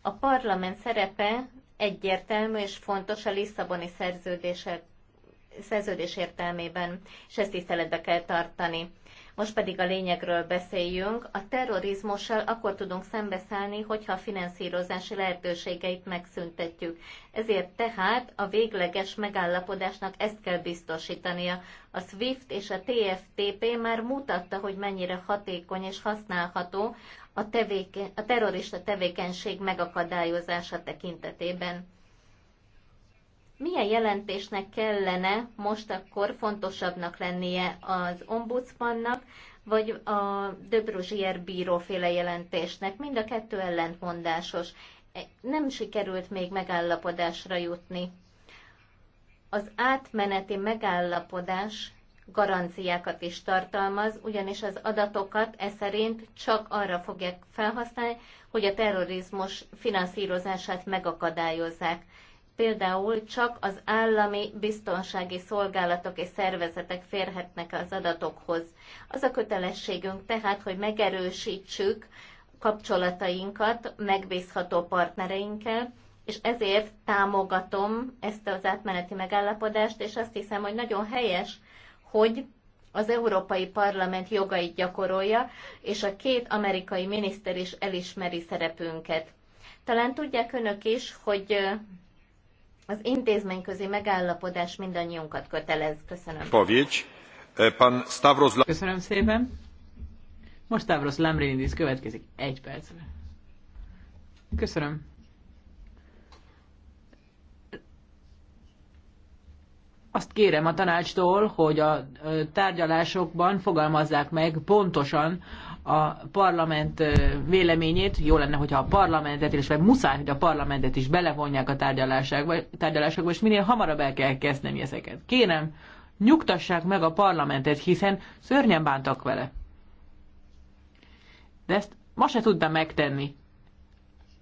a parlament szerepe egyértelmű és fontos a Lisszaboni szerződés értelmében, és ezt tiszteletbe kell tartani. Most pedig a lényegről beszéljünk. A terrorizmussal akkor tudunk szembeszállni, hogyha a finanszírozási lehetőségeit megszüntetjük. Ezért tehát a végleges megállapodásnak ezt kell biztosítania. A SWIFT és a TFTP már mutatta, hogy mennyire hatékony és használható a, tevéke- a terrorista tevékenység megakadályozása tekintetében milyen jelentésnek kellene most akkor fontosabbnak lennie az ombudsmannak, vagy a Döbruzsier bíróféle jelentésnek. Mind a kettő ellentmondásos. Nem sikerült még megállapodásra jutni. Az átmeneti megállapodás garanciákat is tartalmaz, ugyanis az adatokat e szerint csak arra fogják felhasználni, hogy a terrorizmus finanszírozását megakadályozzák például csak az állami biztonsági szolgálatok és szervezetek férhetnek az adatokhoz. Az a kötelességünk tehát, hogy megerősítsük kapcsolatainkat megbízható partnereinkkel, és ezért támogatom ezt az átmeneti megállapodást, és azt hiszem, hogy nagyon helyes, hogy az Európai Parlament jogait gyakorolja, és a két amerikai miniszter is elismeri szerepünket. Talán tudják önök is, hogy az intézményközi megállapodás mindannyiunkat kötelez. Köszönöm. Pavics. E, pan Stavros... Köszönöm szépen. Most Stavros Lambrinidis következik egy percre. Köszönöm. Azt kérem a tanácstól, hogy a tárgyalásokban fogalmazzák meg pontosan a parlament véleményét. Jó lenne, hogyha a parlamentet, illetve muszáj, hogy a parlamentet is belevonják a tárgyalásokba, tárgyalásokba és minél hamarabb el kell kezdeni ezeket. Kérem, nyugtassák meg a parlamentet, hiszen szörnyen bántak vele. De ezt ma se tudta megtenni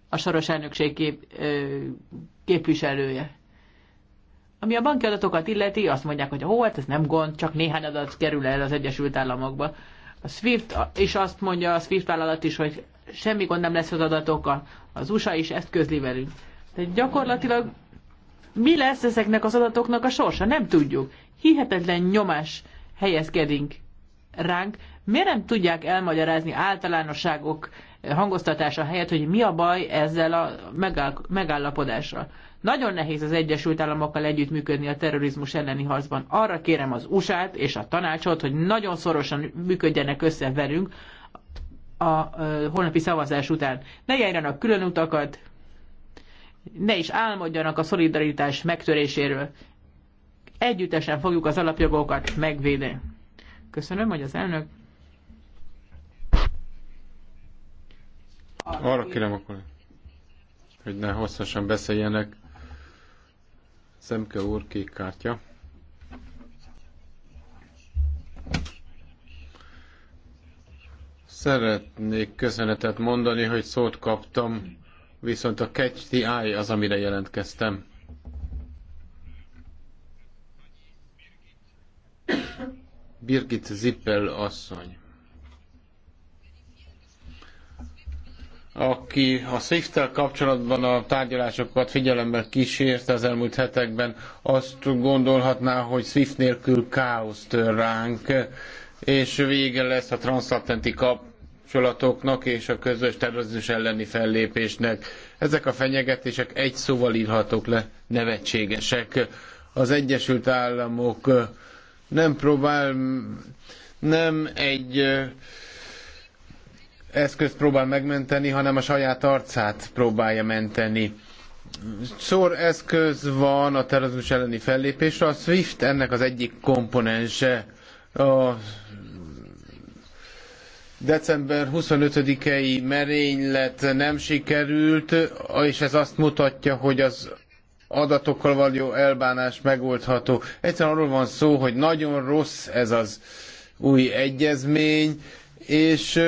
a soros elnökség kép, ö, képviselője. Ami a banki adatokat illeti, azt mondják, hogy ó, hát ez nem gond, csak néhány adat kerül el az Egyesült Államokba. A SWIFT, és azt mondja a SWIFT vállalat is, hogy semmi gond nem lesz az adatokkal. Az USA is ezt közli velünk. De gyakorlatilag mi lesz ezeknek az adatoknak a sorsa? Nem tudjuk. Hihetetlen nyomás helyezkedünk ránk. Miért nem tudják elmagyarázni általánosságok hangoztatása helyett, hogy mi a baj ezzel a megállapodással? Nagyon nehéz az Egyesült Államokkal együttműködni a terrorizmus elleni harcban. Arra kérem az USA-t és a tanácsot, hogy nagyon szorosan működjenek össze velünk a, a, a holnapi szavazás után. Ne járjanak külön utakat, ne is álmodjanak a szolidaritás megtöréséről. Együttesen fogjuk az alapjogokat megvédeni. Köszönöm, hogy az elnök. Arra kérem akkor, hogy ne hosszasan beszéljenek. Szemke úr kék kártya. Szeretnék köszönetet mondani, hogy szót kaptam, viszont a catch the eye az, amire jelentkeztem. Birgit Zippel asszony. aki a SWIFT-tel kapcsolatban a tárgyalásokat figyelembe kísérte az elmúlt hetekben, azt gondolhatná, hogy SWIFT nélkül káosz tör ránk, és vége lesz a transatlanti kapcsolatoknak és a közös terrorizmus elleni fellépésnek. Ezek a fenyegetések egy szóval írhatók le, nevetségesek. Az Egyesült Államok nem próbál, nem egy eszközt próbál megmenteni, hanem a saját arcát próbálja menteni. Sor eszköz van a terrorizmus elleni fellépésre, a SWIFT ennek az egyik komponense. A december 25-i merénylet nem sikerült, és ez azt mutatja, hogy az adatokkal való elbánás megoldható. Egyszerűen arról van szó, hogy nagyon rossz ez az új egyezmény, és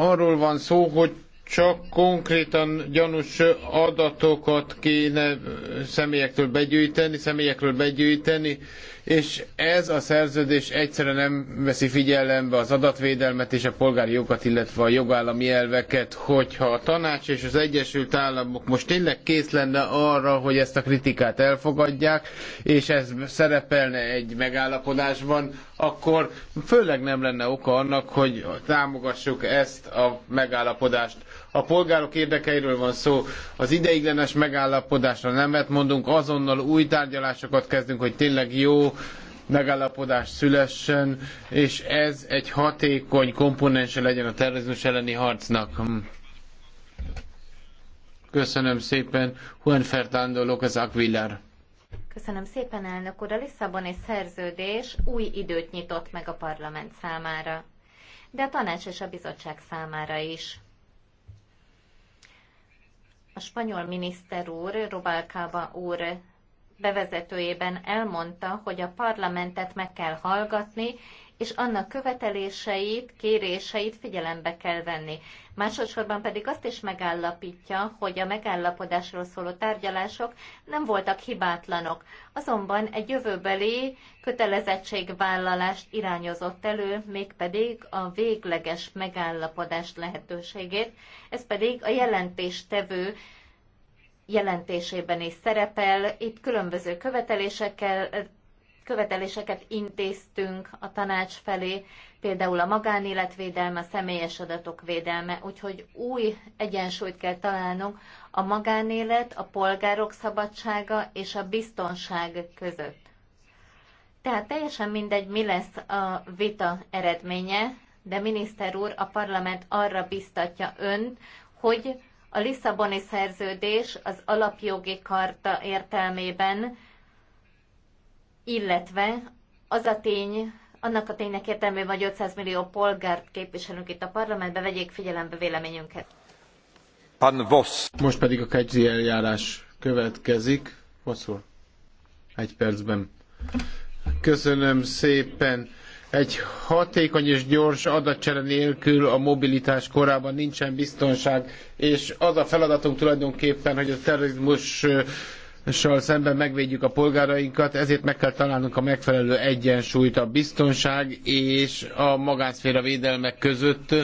arról van szó, hogy csak konkrétan gyanús adatokat kéne személyektől begyűjteni, személyekről begyűjteni, és ez a szerződés egyszerűen nem veszi figyelembe az adatvédelmet és a polgári jogokat, illetve a jogállami elveket, hogyha a tanács és az Egyesült Államok most tényleg kész lenne arra, hogy ezt a kritikát elfogadják, és ez szerepelne egy megállapodásban, akkor főleg nem lenne oka annak, hogy támogassuk ezt a megállapodást. A polgárok érdekeiről van szó. Az ideiglenes megállapodásra nemet mondunk, azonnal új tárgyalásokat kezdünk, hogy tényleg jó megállapodás szülessen, és ez egy hatékony komponense legyen a terrorizmus elleni harcnak. Köszönöm szépen, Juan Fernando López Aquilar. Köszönöm szépen, elnök úr. A Lisszaboni szerződés új időt nyitott meg a parlament számára, de a tanács és a bizottság számára is a spanyol miniszter úr, Robalcaba úr bevezetőjében elmondta, hogy a parlamentet meg kell hallgatni, és annak követeléseit, kéréseit figyelembe kell venni. Másodszorban pedig azt is megállapítja, hogy a megállapodásról szóló tárgyalások nem voltak hibátlanok, azonban egy jövőbeli kötelezettségvállalást irányozott elő, mégpedig a végleges megállapodás lehetőségét, ez pedig a jelentéstevő jelentésében is szerepel, itt különböző követelésekkel követeléseket intéztünk a tanács felé, például a magánéletvédelme, a személyes adatok védelme, úgyhogy új egyensúlyt kell találnunk a magánélet, a polgárok szabadsága és a biztonság között. Tehát teljesen mindegy, mi lesz a vita eredménye, de miniszter úr, a parlament arra biztatja önt, hogy a Lisszaboni szerződés az alapjogi karta értelmében illetve az a tény, annak a ténynek értelmében, hogy 500 millió polgárt képviselünk itt a parlamentben, vegyék figyelembe véleményünket. Pan Voss. Most pedig a kegyzi eljárás következik. Voss egy percben. Köszönöm szépen. Egy hatékony és gyors adatcsere nélkül a mobilitás korában nincsen biztonság, és az a feladatunk tulajdonképpen, hogy a terrorizmus sal szemben megvédjük a polgárainkat, ezért meg kell találnunk a megfelelő egyensúlyt a biztonság és a magánszféra védelmek között,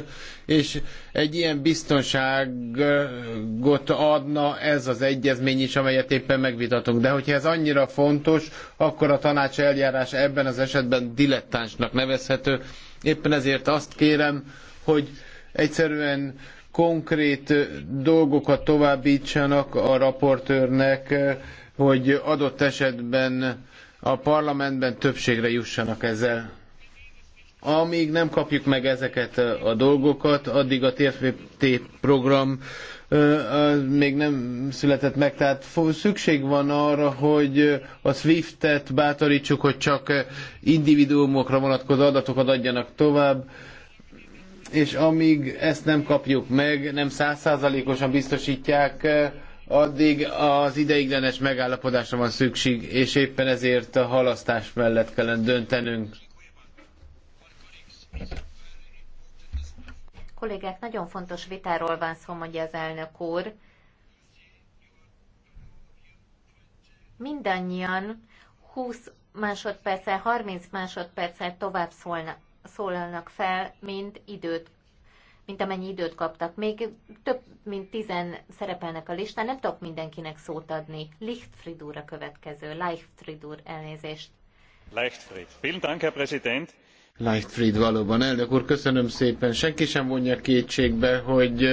és egy ilyen biztonságot adna ez az egyezmény is, amelyet éppen megvitatunk. De hogyha ez annyira fontos, akkor a tanács eljárás ebben az esetben dilettánsnak nevezhető. Éppen ezért azt kérem, hogy egyszerűen konkrét dolgokat továbbítsanak a raportőrnek, hogy adott esetben a parlamentben többségre jussanak ezzel. Amíg nem kapjuk meg ezeket a dolgokat, addig a TFT program még nem született meg, tehát szükség van arra, hogy a SWIFT-et bátorítsuk, hogy csak individuumokra vonatkozó adatokat adjanak tovább, és amíg ezt nem kapjuk meg, nem százszázalékosan biztosítják, eh, addig az ideiglenes megállapodásra van szükség, és éppen ezért a halasztás mellett kellene döntenünk. Kollégák, nagyon fontos vitáról van szó, mondja az elnök úr. Mindannyian 20 másodperccel, 30 másodperccel tovább szólnak szólalnak fel, mint időt mint amennyi időt kaptak. Még több mint tizen szerepelnek a listán, nem tudok mindenkinek szót adni. Lichtfried úr a következő. Lichtfried úr, elnézést. Lichtfried. Vielen Dank, Herr Präsident. Lichtfried valóban. Elnök úr, köszönöm szépen. Senki sem vonja kétségbe, hogy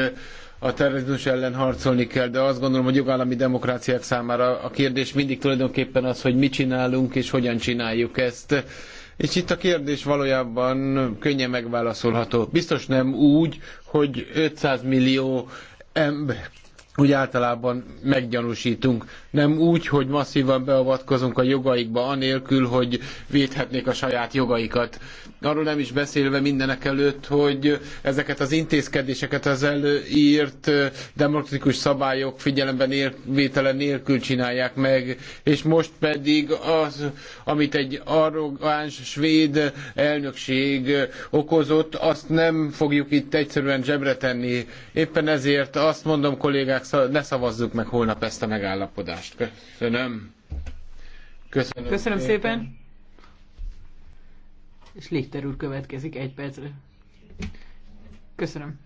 a terrorizmus ellen harcolni kell, de azt gondolom, hogy jogállami demokráciák számára a kérdés mindig tulajdonképpen az, hogy mit csinálunk és hogyan csináljuk ezt és itt a kérdés valójában könnyen megválaszolható. Biztos nem úgy, hogy 500 millió ember úgy általában meggyanúsítunk nem úgy, hogy masszívan beavatkozunk a jogaikba, anélkül, hogy védhetnék a saját jogaikat. Arról nem is beszélve mindenek előtt, hogy ezeket az intézkedéseket az előírt demokratikus szabályok figyelemben ér, vétele nélkül csinálják meg, és most pedig az, amit egy arrogáns svéd elnökség okozott, azt nem fogjuk itt egyszerűen zsebre tenni. Éppen ezért azt mondom, kollégák, ne szavazzuk meg holnap ezt a megállapodást hozzászólást. Köszönöm. Köszönöm, Köszönöm szépen. szépen. És Lichter úr következik egy percre. Köszönöm.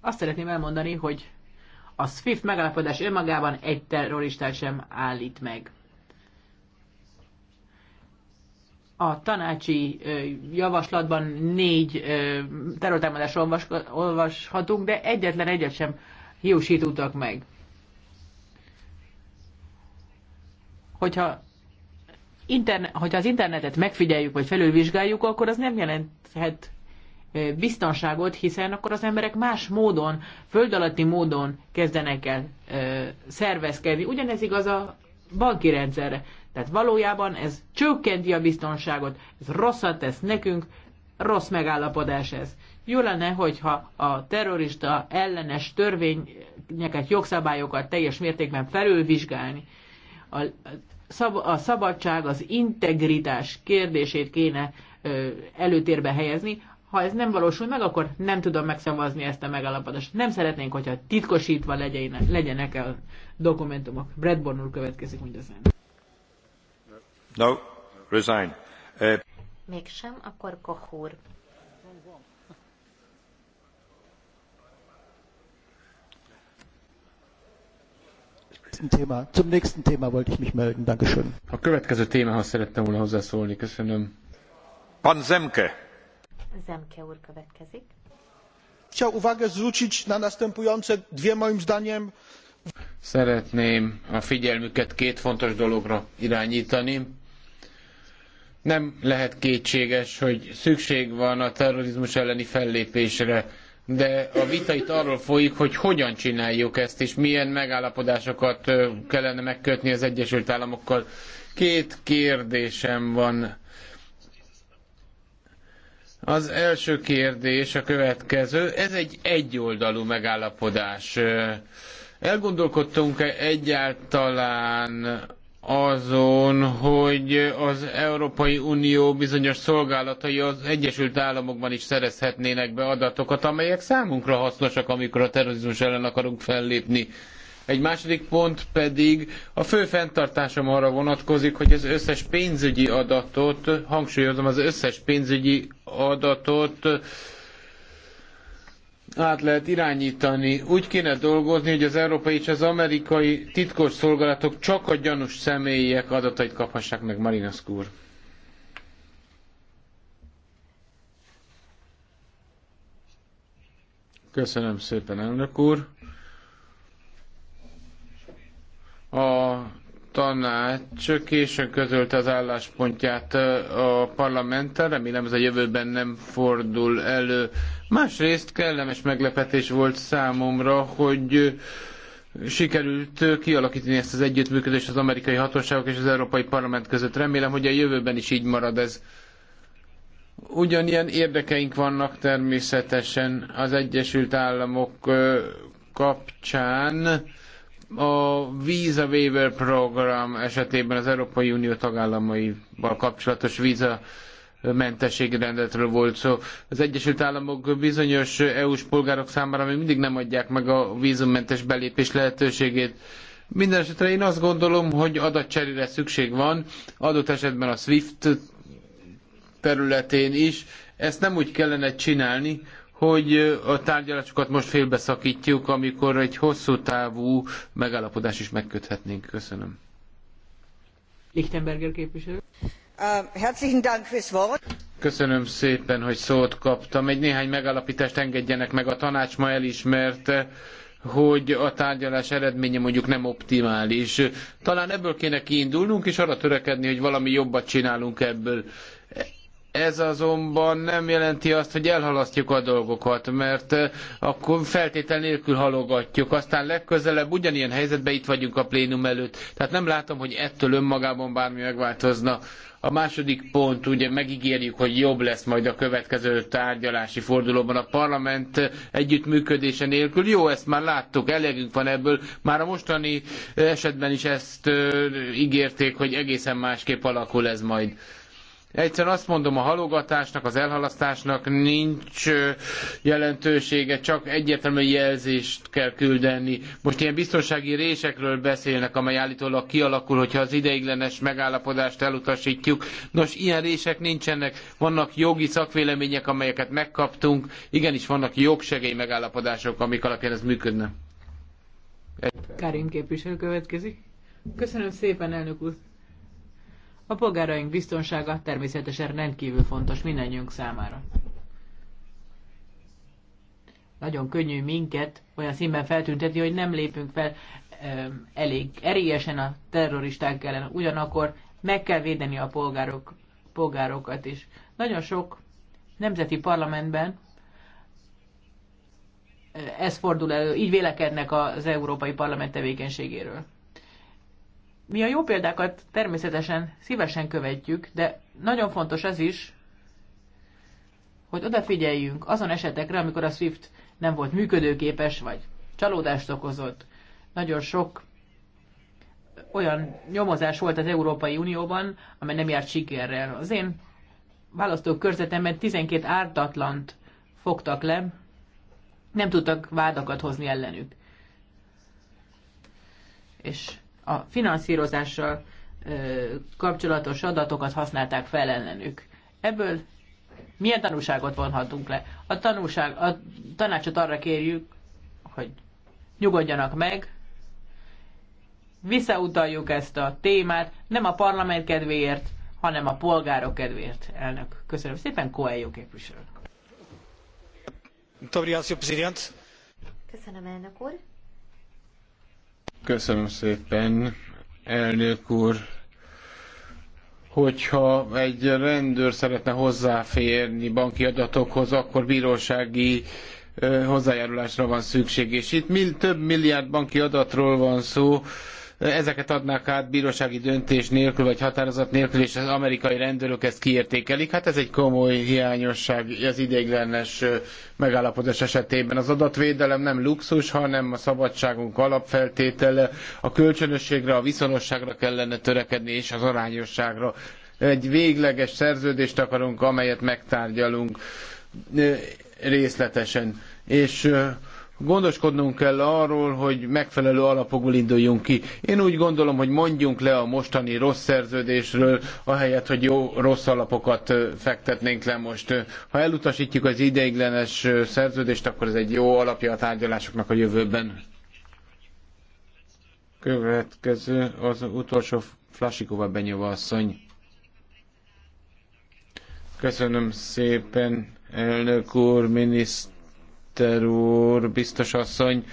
Azt szeretném elmondani, hogy a SWIFT megállapodás önmagában egy terroristát sem állít meg. A tanácsi javaslatban négy terrortámadásra olvashatunk, de egyetlen egyet sem hiúsítottak meg. hogyha, interne, hogyha az internetet megfigyeljük vagy felülvizsgáljuk, akkor az nem jelenthet biztonságot, hiszen akkor az emberek más módon, föld alatti módon kezdenek el ö, szervezkedni. Ugyanez igaz a banki rendszerre. Tehát valójában ez csökkenti a biztonságot, ez rosszat tesz nekünk, rossz megállapodás ez. Jó lenne, hogyha a terrorista ellenes törvényeket, jogszabályokat teljes mértékben felülvizsgálni a, a szabadság, az integritás kérdését kéne ö, előtérbe helyezni. Ha ez nem valósul meg, akkor nem tudom megszavazni ezt a megállapodást. Nem szeretnénk, hogyha titkosítva legyenek, legyenek a dokumentumok. Bradborn úr következik mindezen. No, resign. Uh... Mégsem, akkor Kohúr. nächsten Thema, zum nächsten Thema wollte ich mich melden. Dankeschön. A következő témához szerettem volna hozzászólni. Köszönöm. Pan Zemke. Zemke úr következik. Chciał uwagę zwrócić na następujące dwie moim zdaniem Szeretném a figyelmüket két fontos dologra irányítani. Nem lehet kétséges, hogy szükség van a terrorizmus elleni fellépésre de a vita itt arról folyik, hogy hogyan csináljuk ezt, és milyen megállapodásokat kellene megkötni az Egyesült Államokkal. Két kérdésem van. Az első kérdés a következő. Ez egy egyoldalú megállapodás. Elgondolkodtunk-e egyáltalán azon, hogy az Európai Unió bizonyos szolgálatai az Egyesült Államokban is szerezhetnének be adatokat, amelyek számunkra hasznosak, amikor a terrorizmus ellen akarunk fellépni. Egy második pont pedig a fő fenntartásom arra vonatkozik, hogy az összes pénzügyi adatot, hangsúlyozom, az összes pénzügyi adatot át lehet irányítani. Úgy kéne dolgozni, hogy az európai és az amerikai titkos szolgálatok csak a gyanús személyek adatait kaphassák meg, Marinas úr. Köszönöm szépen, elnök úr. A tanács későn közölte az álláspontját a parlamenttel, remélem ez a jövőben nem fordul elő. Másrészt kellemes meglepetés volt számomra, hogy sikerült kialakítani ezt az együttműködést az amerikai hatóságok és az Európai Parlament között. Remélem, hogy a jövőben is így marad ez. Ugyanilyen érdekeink vannak természetesen az Egyesült Államok kapcsán, a Visa Waiver program esetében az Európai Unió tagállamaival kapcsolatos víza mentességi rendetről volt szó. Az Egyesült Államok bizonyos EU-s polgárok számára még mindig nem adják meg a vízummentes belépés lehetőségét. Mindenesetre én azt gondolom, hogy adatcserére szükség van, adott esetben a SWIFT területén is. Ezt nem úgy kellene csinálni, hogy a tárgyalásokat most félbeszakítjuk, amikor egy hosszú távú megállapodás is megköthetnénk. Köszönöm. Lichtenberger képviselő. Köszönöm szépen, hogy szót kaptam. Egy néhány megállapítást engedjenek meg. A tanács ma elismerte, hogy a tárgyalás eredménye mondjuk nem optimális. Talán ebből kéne kiindulnunk, és arra törekedni, hogy valami jobbat csinálunk ebből. Ez azonban nem jelenti azt, hogy elhalasztjuk a dolgokat, mert eh, akkor feltétel nélkül halogatjuk. Aztán legközelebb ugyanilyen helyzetben itt vagyunk a plénum előtt. Tehát nem látom, hogy ettől önmagában bármi megváltozna. A második pont, ugye megígérjük, hogy jobb lesz majd a következő tárgyalási fordulóban a parlament együttműködése nélkül. Jó, ezt már láttuk, elegünk van ebből. Már a mostani esetben is ezt ö, eh, ígérték, hogy egészen másképp alakul ez majd. Egyszerűen azt mondom, a halogatásnak, az elhalasztásnak nincs jelentősége, csak egyértelmű jelzést kell küldeni. Most ilyen biztonsági résekről beszélnek, amely állítólag kialakul, hogyha az ideiglenes megállapodást elutasítjuk. Nos, ilyen rések nincsenek, vannak jogi szakvélemények, amelyeket megkaptunk, igenis vannak jogsegély megállapodások, amik alapján ez működne. Karim képviselő következik. Köszönöm szépen, elnök úr. A polgáraink biztonsága természetesen rendkívül fontos mindannyiunk számára. Nagyon könnyű minket olyan színben feltüntetni, hogy nem lépünk fel elég erélyesen a terroristák ellen. Ugyanakkor meg kell védeni a polgárok, polgárokat is. Nagyon sok nemzeti parlamentben eh, ez fordul elő, így vélekednek az Európai Parlament tevékenységéről. Mi a jó példákat természetesen szívesen követjük, de nagyon fontos az is, hogy odafigyeljünk azon esetekre, amikor a SWIFT nem volt működőképes, vagy csalódást okozott. Nagyon sok olyan nyomozás volt az Európai Unióban, amely nem járt sikerrel. Az én választókörzetemben 12 ártatlant fogtak le, nem tudtak vádakat hozni ellenük. És a finanszírozással kapcsolatos adatokat használták fel ellenük. Ebből milyen tanulságot vonhatunk le? A, tanulság, a tanácsot arra kérjük, hogy nyugodjanak meg, visszautaljuk ezt a témát, nem a parlament kedvéért, hanem a polgárok kedvéért, elnök. Köszönöm szépen, Coelho képviselő. Köszönöm, elnök úr. Köszönöm szépen, elnök úr. Hogyha egy rendőr szeretne hozzáférni banki adatokhoz, akkor bírósági hozzájárulásra van szükség. És itt mill több milliárd banki adatról van szó, ezeket adnák át bírósági döntés nélkül, vagy határozat nélkül, és az amerikai rendőrök ezt kiértékelik. Hát ez egy komoly hiányosság az ideiglenes megállapodás esetében. Az adatvédelem nem luxus, hanem a szabadságunk alapfeltétele. A kölcsönösségre, a viszonosságra kellene törekedni, és az arányosságra. Egy végleges szerződést akarunk, amelyet megtárgyalunk részletesen. És Gondoskodnunk kell arról, hogy megfelelő alapokból induljunk ki. Én úgy gondolom, hogy mondjunk le a mostani rossz szerződésről, ahelyett, hogy jó rossz alapokat fektetnénk le most. Ha elutasítjuk az ideiglenes szerződést, akkor ez egy jó alapja a tárgyalásoknak a jövőben. Következő az utolsó Flasikova Benyova asszony. Köszönöm szépen, elnök úr, miniszter miniszter úr, biztos asszony,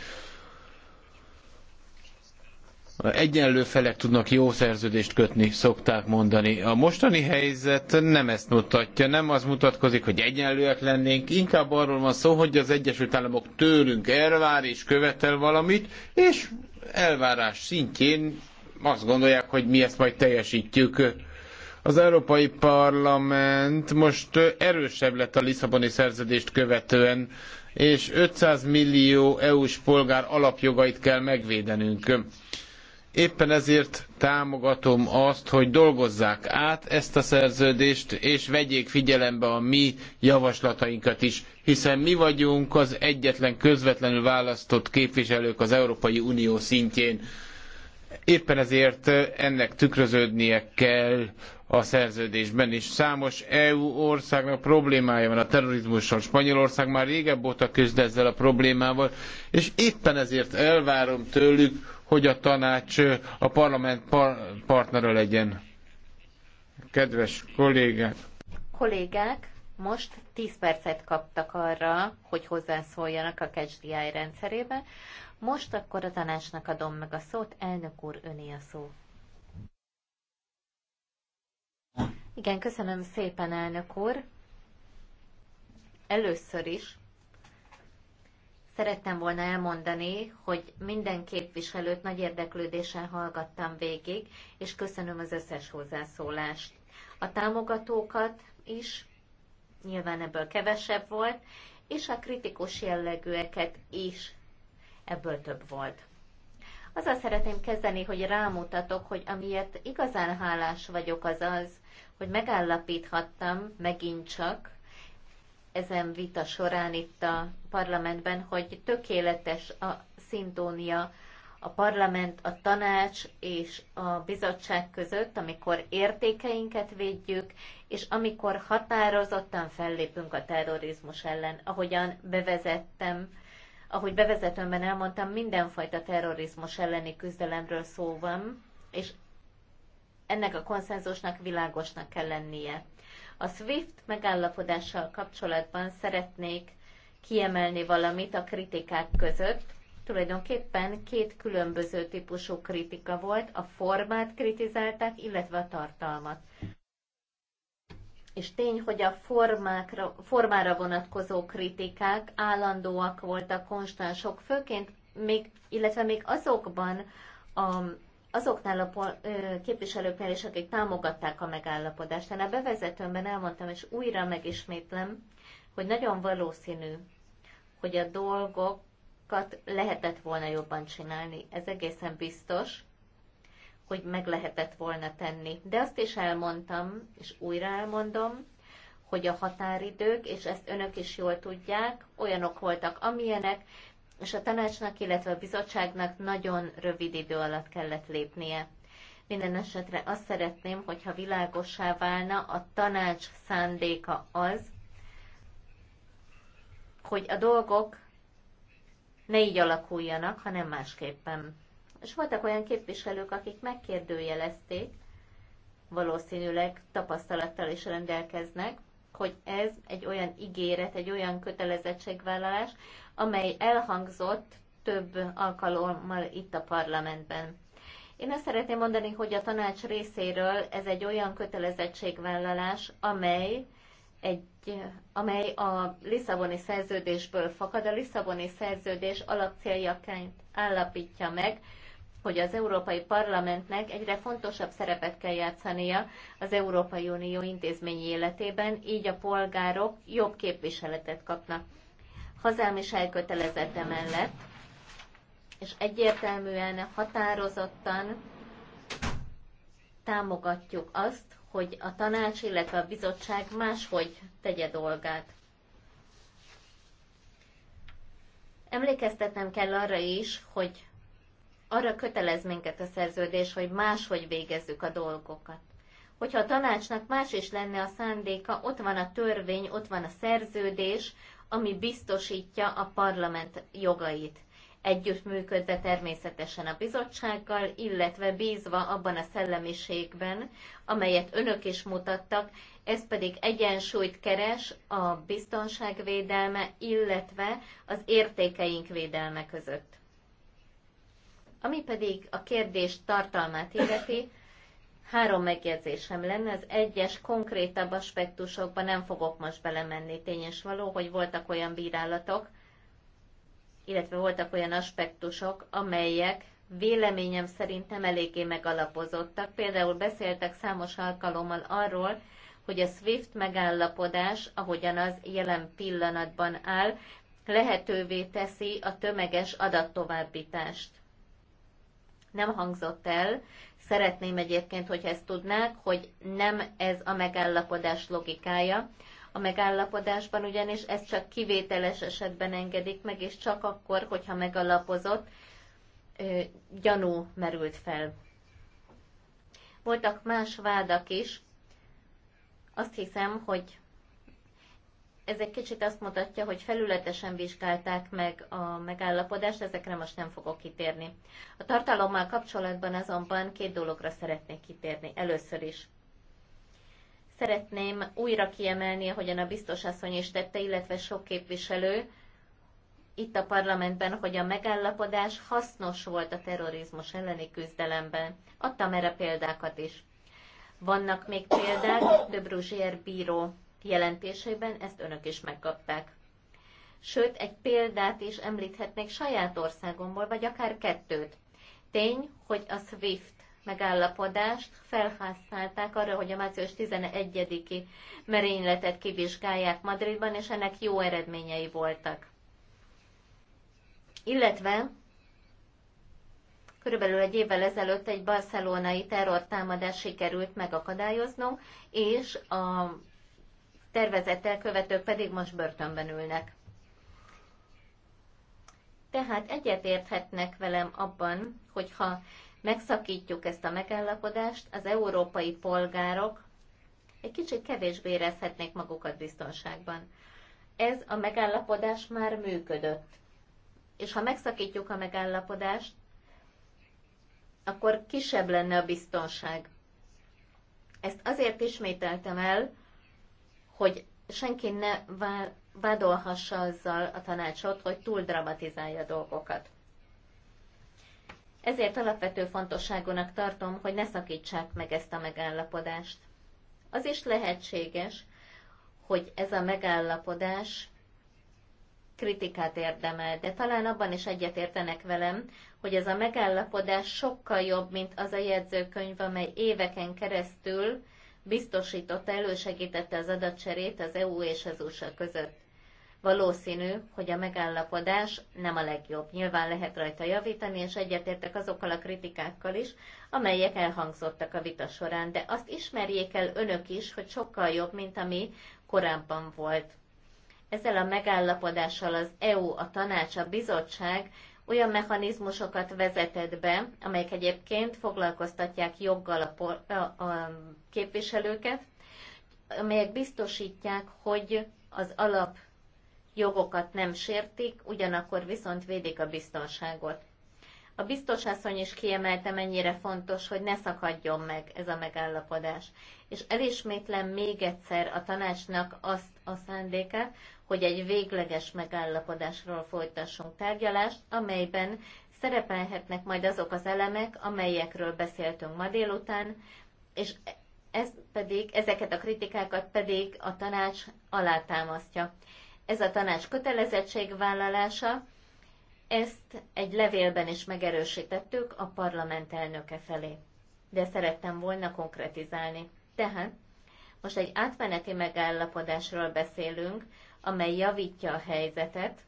egyenlő felek tudnak jó szerződést kötni, szokták mondani. A mostani helyzet nem ezt mutatja, nem az mutatkozik, hogy egyenlőek lennénk, inkább arról van szó, hogy az Egyesült Államok tőlünk elvár és követel valamit, és elvárás szintjén azt gondolják, hogy mi ezt majd teljesítjük az Európai Parlament most erősebb lett a Lisszaboni szerződést követően, és 500 millió EU-s polgár alapjogait kell megvédenünk. Éppen ezért támogatom azt, hogy dolgozzák át ezt a szerződést, és vegyék figyelembe a mi javaslatainkat is, hiszen mi vagyunk az egyetlen közvetlenül választott képviselők az Európai Unió szintjén. Éppen ezért ennek tükröződnie kell a szerződésben, és számos EU országnak problémája van a terrorizmussal. Spanyolország már régebb óta küzd ezzel a problémával, és éppen ezért elvárom tőlük, hogy a tanács a parlament par partnere legyen. Kedves kollégák! Kollégák, most 10 percet kaptak arra, hogy hozzászóljanak a KCDI rendszerébe. Most akkor a tanácsnak adom meg a szót, elnök úr, öné a szó. Igen, köszönöm szépen, elnök úr. Először is szerettem volna elmondani, hogy minden képviselőt nagy érdeklődéssel hallgattam végig, és köszönöm az összes hozzászólást. A támogatókat is, nyilván ebből kevesebb volt, és a kritikus jellegűeket is, ebből több volt. Azzal szeretném kezdeni, hogy rámutatok, hogy amiért igazán hálás vagyok az az, hogy megállapíthattam megint csak ezen vita során itt a parlamentben, hogy tökéletes a szintónia a parlament, a tanács és a bizottság között, amikor értékeinket védjük, és amikor határozottan fellépünk a terrorizmus ellen. Ahogyan bevezettem, ahogy bevezetőmben elmondtam, mindenfajta terrorizmus elleni küzdelemről szó van, és ennek a konszenzusnak világosnak kell lennie. A SWIFT megállapodással kapcsolatban szeretnék kiemelni valamit a kritikák között. Tulajdonképpen két különböző típusú kritika volt, a formát kritizálták, illetve a tartalmat. És tény, hogy a formákra, formára vonatkozó kritikák állandóak voltak, konstansok, főként még, illetve még azokban a azoknál a képviselőknél is, akik támogatták a megállapodást. Én a bevezetőmben elmondtam, és újra megismétlem, hogy nagyon valószínű, hogy a dolgokat lehetett volna jobban csinálni. Ez egészen biztos, hogy meg lehetett volna tenni. De azt is elmondtam, és újra elmondom, hogy a határidők, és ezt önök is jól tudják, olyanok voltak, amilyenek, és a tanácsnak, illetve a bizottságnak nagyon rövid idő alatt kellett lépnie. Minden esetre azt szeretném, hogyha világossá válna a tanács szándéka az, hogy a dolgok ne így alakuljanak, hanem másképpen. És voltak olyan képviselők, akik megkérdőjelezték, valószínűleg tapasztalattal is rendelkeznek, hogy ez egy olyan ígéret, egy olyan kötelezettségvállalás, amely elhangzott több alkalommal itt a parlamentben. Én azt szeretném mondani, hogy a tanács részéről ez egy olyan kötelezettségvállalás, amely egy, amely a Lisszaboni szerződésből fakad. A Lisszaboni szerződés alapcéljaként állapítja meg, hogy az Európai Parlamentnek egyre fontosabb szerepet kell játszania az Európai Unió intézményi életében, így a polgárok jobb képviseletet kapnak. Hazám is elkötelezett emellett, és egyértelműen, határozottan támogatjuk azt, hogy a tanács, illetve a bizottság máshogy tegye dolgát. Emlékeztetnem kell arra is, hogy arra kötelez minket a szerződés, hogy máshogy végezzük a dolgokat. Hogyha a tanácsnak más is lenne a szándéka, ott van a törvény, ott van a szerződés, ami biztosítja a parlament jogait. Együttműködve természetesen a bizottsággal, illetve bízva abban a szellemiségben, amelyet önök is mutattak, ez pedig egyensúlyt keres a biztonságvédelme, illetve az értékeink védelme között. Ami pedig a kérdés tartalmát illeti, három megjegyzésem lenne, az egyes konkrétabb aspektusokba nem fogok most belemenni. Tény és való, hogy voltak olyan bírálatok, illetve voltak olyan aspektusok, amelyek véleményem szerint nem eléggé megalapozottak. Például beszéltek számos alkalommal arról, hogy a SWIFT megállapodás, ahogyan az jelen pillanatban áll, lehetővé teszi a tömeges adattovábbítást nem hangzott el. Szeretném egyébként, hogy ezt tudnák, hogy nem ez a megállapodás logikája. A megállapodásban ugyanis ez csak kivételes esetben engedik meg, és csak akkor, hogyha megalapozott, gyanú merült fel. Voltak más vádak is. Azt hiszem, hogy ez egy kicsit azt mutatja, hogy felületesen vizsgálták meg a megállapodást, ezekre most nem fogok kitérni. A tartalommal kapcsolatban azonban két dologra szeretnék kitérni. Először is szeretném újra kiemelni, ahogyan a biztos asszony is tette, illetve sok képviselő itt a parlamentben, hogy a megállapodás hasznos volt a terrorizmus elleni küzdelemben. Adtam erre példákat is. Vannak még példák, Döbruzsér bíró jelentésében, ezt önök is megkapták. Sőt, egy példát is említhetnék saját országomból, vagy akár kettőt. Tény, hogy a SWIFT megállapodást felhasználták arra, hogy a március 11-i merényletet kivizsgálják Madridban, és ennek jó eredményei voltak. Illetve Körülbelül egy évvel ezelőtt egy barcelonai terrortámadást sikerült megakadályoznunk, és a tervezett elkövetők pedig most börtönben ülnek. Tehát egyetérthetnek velem abban, hogyha megszakítjuk ezt a megállapodást, az európai polgárok egy kicsit kevésbé érezhetnék magukat biztonságban. Ez a megállapodás már működött. És ha megszakítjuk a megállapodást, akkor kisebb lenne a biztonság. Ezt azért ismételtem el, hogy senki ne vádolhassa azzal a tanácsot, hogy túl dramatizálja a dolgokat. Ezért alapvető fontosságúnak tartom, hogy ne szakítsák meg ezt a megállapodást. Az is lehetséges, hogy ez a megállapodás kritikát érdemel, de talán abban is egyetértenek velem, hogy ez a megállapodás sokkal jobb, mint az a jegyzőkönyv, amely éveken keresztül biztosította, elősegítette az adatcserét az EU és az USA között. Valószínű, hogy a megállapodás nem a legjobb. Nyilván lehet rajta javítani, és egyetértek azokkal a kritikákkal is, amelyek elhangzottak a vita során, de azt ismerjék el önök is, hogy sokkal jobb, mint ami korábban volt. Ezzel a megállapodással az EU, a tanács, a bizottság olyan mechanizmusokat vezetett be, amelyek egyébként foglalkoztatják joggal a, por, a, a képviselőket, amelyek biztosítják, hogy az alap jogokat nem sértik, ugyanakkor viszont védik a biztonságot. A biztosasszony is kiemelte, mennyire fontos, hogy ne szakadjon meg ez a megállapodás. És elismétlem még egyszer a tanácsnak azt a szándékát, hogy egy végleges megállapodásról folytassunk tárgyalást, amelyben szerepelhetnek majd azok az elemek, amelyekről beszéltünk ma délután, és ez pedig, ezeket a kritikákat pedig a tanács alátámasztja. Ez a tanács vállalása, ezt egy levélben is megerősítettük a parlament elnöke felé. De szerettem volna konkretizálni. Tehát most egy átmeneti megállapodásról beszélünk, amely javítja a helyzetet.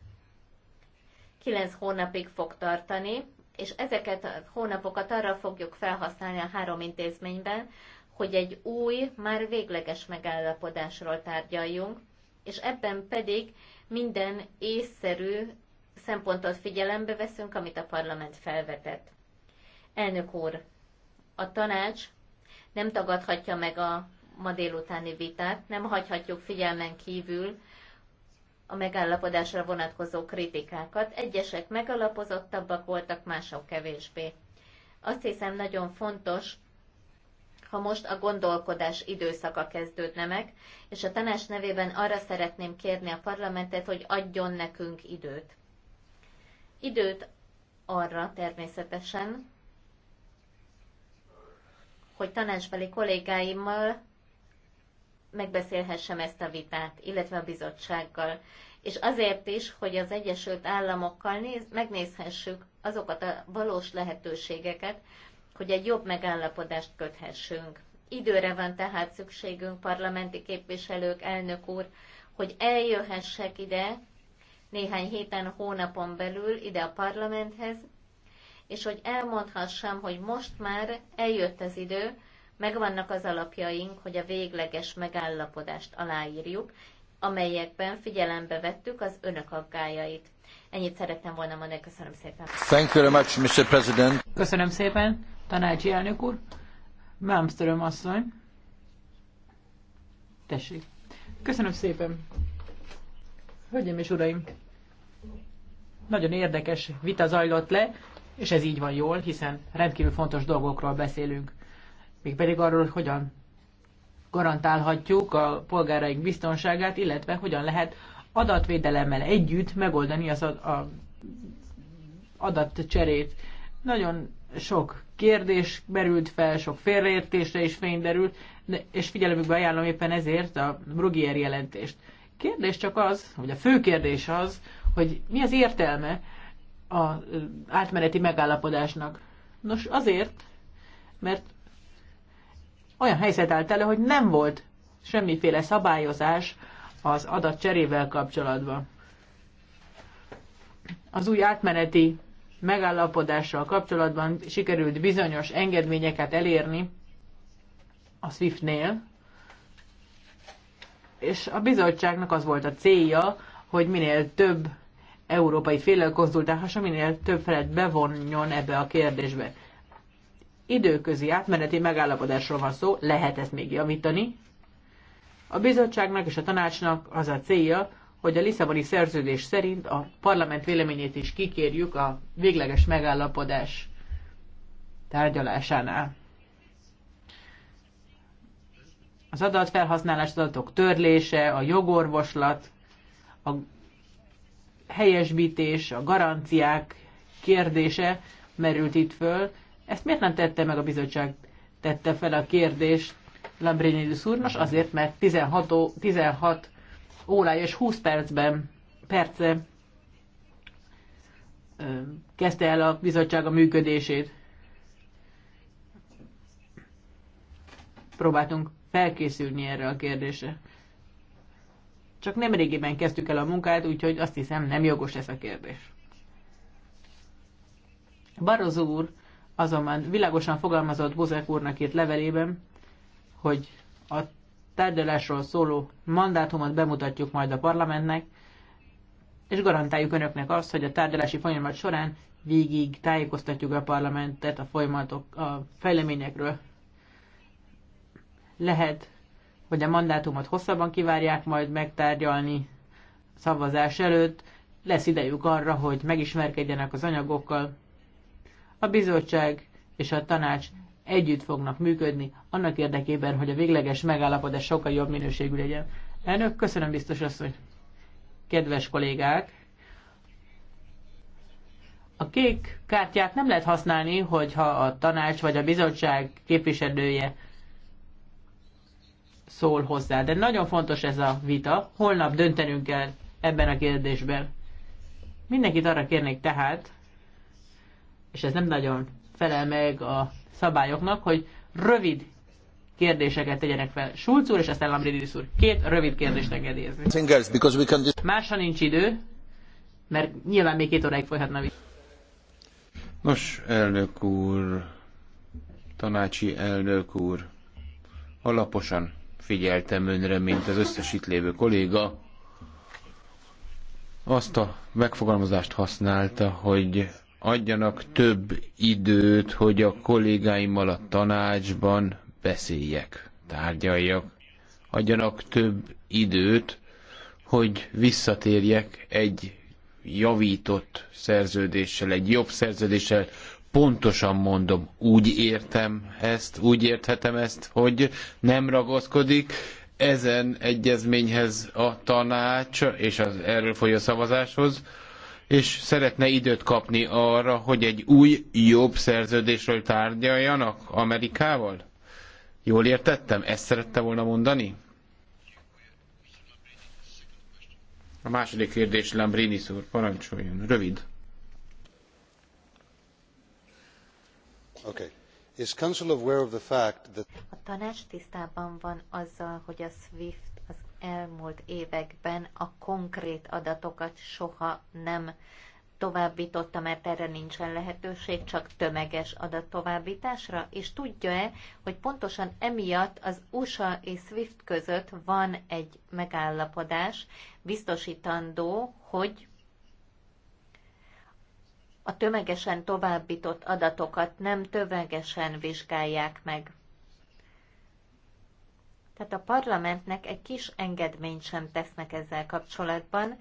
Kilenc hónapig fog tartani, és ezeket a hónapokat arra fogjuk felhasználni a három intézményben, hogy egy új, már végleges megállapodásról tárgyaljunk, és ebben pedig minden észszerű szempontot figyelembe veszünk, amit a parlament felvetett. Elnök úr, a tanács nem tagadhatja meg a ma délutáni vitát, nem hagyhatjuk figyelmen kívül a megállapodásra vonatkozó kritikákat. Egyesek megalapozottabbak voltak, mások kevésbé. Azt hiszem nagyon fontos, ha most a gondolkodás időszaka kezdődne meg, és a tanács nevében arra szeretném kérni a parlamentet, hogy adjon nekünk időt. Időt arra természetesen, hogy tanácsbeli kollégáimmal megbeszélhessem ezt a vitát, illetve a bizottsággal. És azért is, hogy az Egyesült Államokkal néz, megnézhessük azokat a valós lehetőségeket, hogy egy jobb megállapodást köthessünk. Időre van tehát szükségünk, parlamenti képviselők, elnök úr, hogy eljöhessek ide néhány héten, hónapon belül ide a parlamenthez, és hogy elmondhassam, hogy most már eljött az idő, megvannak az alapjaink, hogy a végleges megállapodást aláírjuk, amelyekben figyelembe vettük az önök aggájait. Ennyit szerettem volna mondani, köszönöm szépen. Thank you very much, Mr. President. Köszönöm szépen, tanácsi elnök úr. Malmström asszony. Tessék. Köszönöm szépen. Hölgyeim és uraim, nagyon érdekes vita zajlott le, és ez így van jól, hiszen rendkívül fontos dolgokról beszélünk pedig arról, hogy hogyan garantálhatjuk a polgáraink biztonságát, illetve hogyan lehet adatvédelemmel együtt megoldani az ad, a adatcserét. Nagyon sok kérdés merült fel, sok félreértésre is fény derült, és figyelemükbe ajánlom éppen ezért a Brugier jelentést. Kérdés csak az, hogy a fő kérdés az, hogy mi az értelme az átmeneti megállapodásnak. Nos, azért, mert olyan helyzet állt elő, hogy nem volt semmiféle szabályozás az adatcserével kapcsolatban. Az új átmeneti megállapodással kapcsolatban sikerült bizonyos engedményeket elérni a SWIFT-nél, és a bizottságnak az volt a célja, hogy minél több európai félel minél több felett bevonjon ebbe a kérdésbe időközi átmeneti megállapodásról van szó, lehet ezt még javítani. A bizottságnak és a tanácsnak az a célja, hogy a Lisszaboni szerződés szerint a parlament véleményét is kikérjük a végleges megállapodás tárgyalásánál. Az adatfelhasználás adatok törlése, a jogorvoslat, a helyesbítés, a garanciák kérdése merült itt föl, ezt miért nem tette meg a bizottság? Tette fel a kérdést Lambrinidis úrnos azért, mert 16, 16 órája és 20 percben perce kezdte el a bizottság a működését. Próbáltunk felkészülni erre a kérdésre. Csak nem régiben kezdtük el a munkát, úgyhogy azt hiszem nem jogos ez a kérdés. Barozó úr azonban világosan fogalmazott Bozek úrnak írt levelében, hogy a tárgyalásról szóló mandátumot bemutatjuk majd a parlamentnek, és garantáljuk önöknek azt, hogy a tárgyalási folyamat során végig tájékoztatjuk a parlamentet a folyamatok, a fejleményekről. Lehet, hogy a mandátumot hosszabban kivárják majd megtárgyalni szavazás előtt, lesz idejük arra, hogy megismerkedjenek az anyagokkal, a bizottság és a tanács együtt fognak működni, annak érdekében, hogy a végleges megállapodás sokkal jobb minőségű legyen. Elnök, köszönöm biztos asszony. Kedves kollégák, a kék kártyát nem lehet használni, hogyha a tanács vagy a bizottság képviselője szól hozzá. De nagyon fontos ez a vita. Holnap döntenünk kell ebben a kérdésben. Mindenkit arra kérnék tehát, és ez nem nagyon felel meg a szabályoknak, hogy rövid kérdéseket tegyenek fel Schulz úr és aztán Lambridis úr. Két rövid kérdést engedélyezni. Másra nincs idő, mert nyilván még két óráig folyhatna vissza. Nos, elnök úr, tanácsi elnök úr, alaposan figyeltem önre, mint az összes itt lévő kolléga. Azt a megfogalmazást használta, hogy adjanak több időt, hogy a kollégáimmal a tanácsban beszéljek, tárgyaljak. Adjanak több időt, hogy visszatérjek egy javított szerződéssel, egy jobb szerződéssel, pontosan mondom, úgy értem ezt, úgy érthetem ezt, hogy nem ragaszkodik ezen egyezményhez a tanács és az erről folyó szavazáshoz, és szeretne időt kapni arra, hogy egy új, jobb szerződésről tárgyaljanak Amerikával? Jól értettem? Ezt szerette volna mondani? A második kérdés Lambrinis úr, parancsoljon, rövid. Okay. Is Council aware of the fact that... A tanács tisztában van azzal, hogy a SWIFT elmúlt években a konkrét adatokat soha nem továbbította, mert erre nincsen lehetőség, csak tömeges adattovábbításra? És tudja-e, hogy pontosan emiatt az USA és SWIFT között van egy megállapodás, biztosítandó, hogy a tömegesen továbbított adatokat nem tömegesen vizsgálják meg. Tehát a parlamentnek egy kis engedményt sem tesznek ezzel kapcsolatban.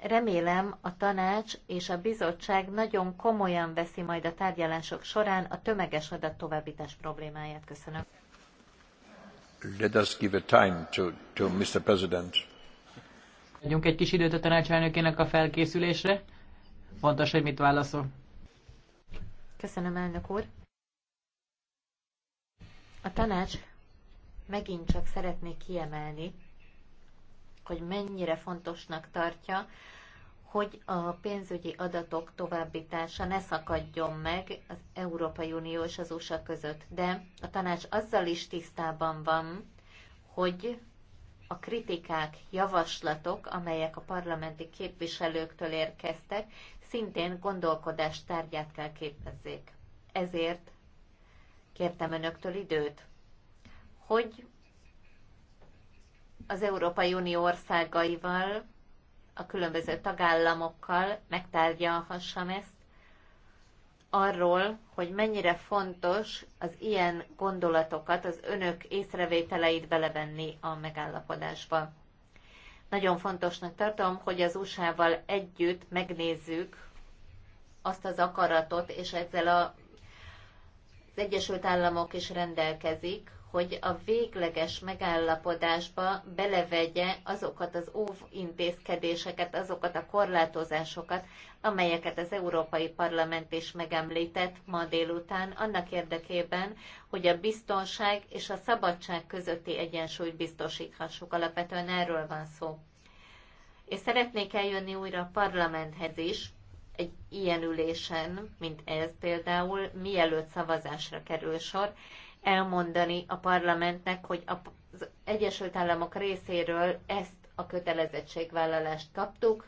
Remélem a tanács és a bizottság nagyon komolyan veszi majd a tárgyalások során a tömeges adat továbbítás problémáját. Köszönöm. Let us give a time to, to Mr. President. Adjunk egy kis időt a tanácselnökének a felkészülésre. Fontos, hogy mit válaszol. Köszönöm, elnök úr. A tanács megint csak szeretnék kiemelni, hogy mennyire fontosnak tartja, hogy a pénzügyi adatok továbbítása ne szakadjon meg az Európai Unió és az USA között. De a tanács azzal is tisztában van, hogy a kritikák, javaslatok, amelyek a parlamenti képviselőktől érkeztek, szintén gondolkodás tárgyát kell képezzék. Ezért kértem önöktől időt, hogy az Európai Unió országaival, a különböző tagállamokkal megtárgyalhassam ezt, arról, hogy mennyire fontos az ilyen gondolatokat, az önök észrevételeit belevenni a megállapodásba. Nagyon fontosnak tartom, hogy az USA-val együtt megnézzük azt az akaratot, és ezzel a, az Egyesült Államok is rendelkezik, hogy a végleges megállapodásba belevegye azokat az óvintézkedéseket, azokat a korlátozásokat, amelyeket az Európai Parlament is megemlített ma délután, annak érdekében, hogy a biztonság és a szabadság közötti egyensúlyt biztosíthassuk. Alapvetően erről van szó. És szeretnék eljönni újra a parlamenthez is, egy ilyen ülésen, mint ez például, mielőtt szavazásra kerül sor, elmondani a parlamentnek, hogy az Egyesült Államok részéről ezt a kötelezettségvállalást kaptuk,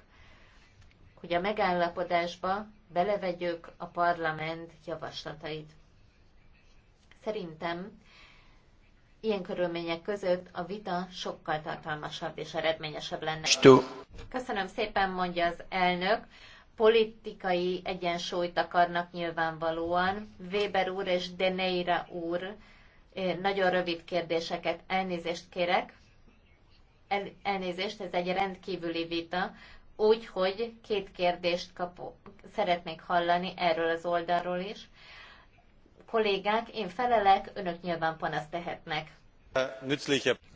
hogy a megállapodásba belevegyük a parlament javaslatait. Szerintem ilyen körülmények között a vita sokkal tartalmasabb és eredményesebb lenne. Köszönöm szépen, mondja az elnök politikai egyensúlyt akarnak nyilvánvalóan. Weber úr és Deneira úr eh, nagyon rövid kérdéseket, elnézést kérek. El, elnézést, ez egy rendkívüli vita, úgyhogy két kérdést kapok, szeretnék hallani erről az oldalról is. Kollégák, én felelek, önök nyilván panaszt tehetnek.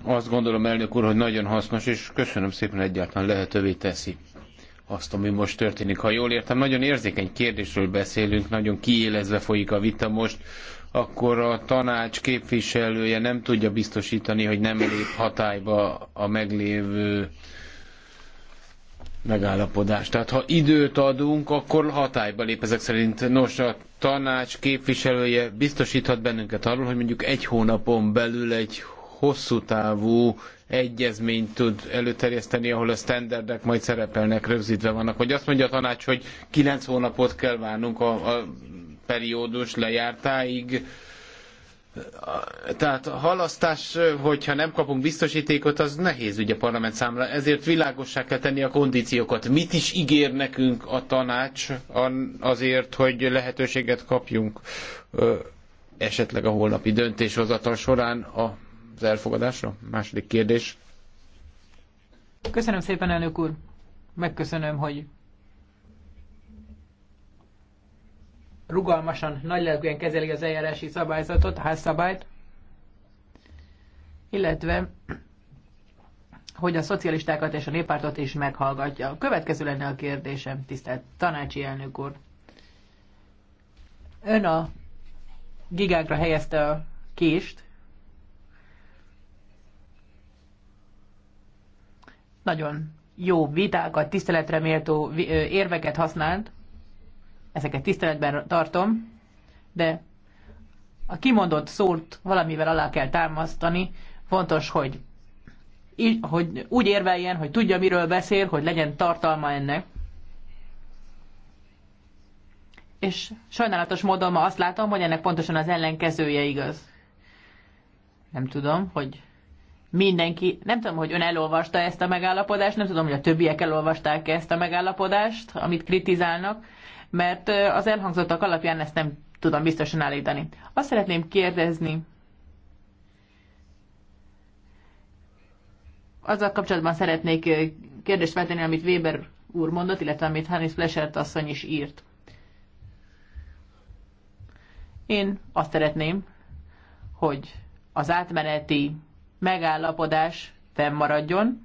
Azt gondolom, elnök úr, hogy nagyon hasznos, és köszönöm szépen egyáltalán lehetővé teszi azt, ami most történik. Ha jól értem, nagyon érzékeny kérdésről beszélünk, nagyon kiélezve folyik a vita most, akkor a tanács képviselője nem tudja biztosítani, hogy nem lép hatályba a meglévő megállapodás. Tehát ha időt adunk, akkor hatályba lép ezek szerint. Nos, a tanács képviselője biztosíthat bennünket arról, hogy mondjuk egy hónapon belül egy hosszú távú egyezményt tud előterjeszteni, ahol a standardek majd szerepelnek, rögzítve vannak. Vagy azt mondja a tanács, hogy kilenc hónapot kell várnunk a, a periódus lejártáig. Tehát a halasztás, hogyha nem kapunk biztosítékot, az nehéz ugye a parlament számára. Ezért világossá kell tenni a kondíciókat. Mit is ígér nekünk a tanács azért, hogy lehetőséget kapjunk esetleg a holnapi döntéshozatal során a az elfogadásra? Második kérdés. Köszönöm szépen, elnök úr. Megköszönöm, hogy rugalmasan, nagylelkűen kezeli az eljárási szabályzatot, házszabályt, illetve hogy a szocialistákat és a néppártot is meghallgatja. Következő lenne a kérdésem, tisztelt tanácsi elnök úr. Ön a gigákra helyezte a kést, nagyon jó vitákat, tiszteletre méltó érveket használt, ezeket tiszteletben tartom, de a kimondott szót valamivel alá kell támasztani, fontos, hogy, így, hogy úgy érveljen, hogy tudja, miről beszél, hogy legyen tartalma ennek. És sajnálatos módon ma azt látom, hogy ennek pontosan az ellenkezője igaz. Nem tudom, hogy mindenki, nem tudom, hogy ön elolvasta ezt a megállapodást, nem tudom, hogy a többiek elolvasták ezt a megállapodást, amit kritizálnak, mert az elhangzottak alapján ezt nem tudom biztosan állítani. Azt szeretném kérdezni, azzal kapcsolatban szeretnék kérdést feltenni, amit Weber úr mondott, illetve amit Hannes Flesher asszony is írt. Én azt szeretném, hogy az átmeneti megállapodás fennmaradjon,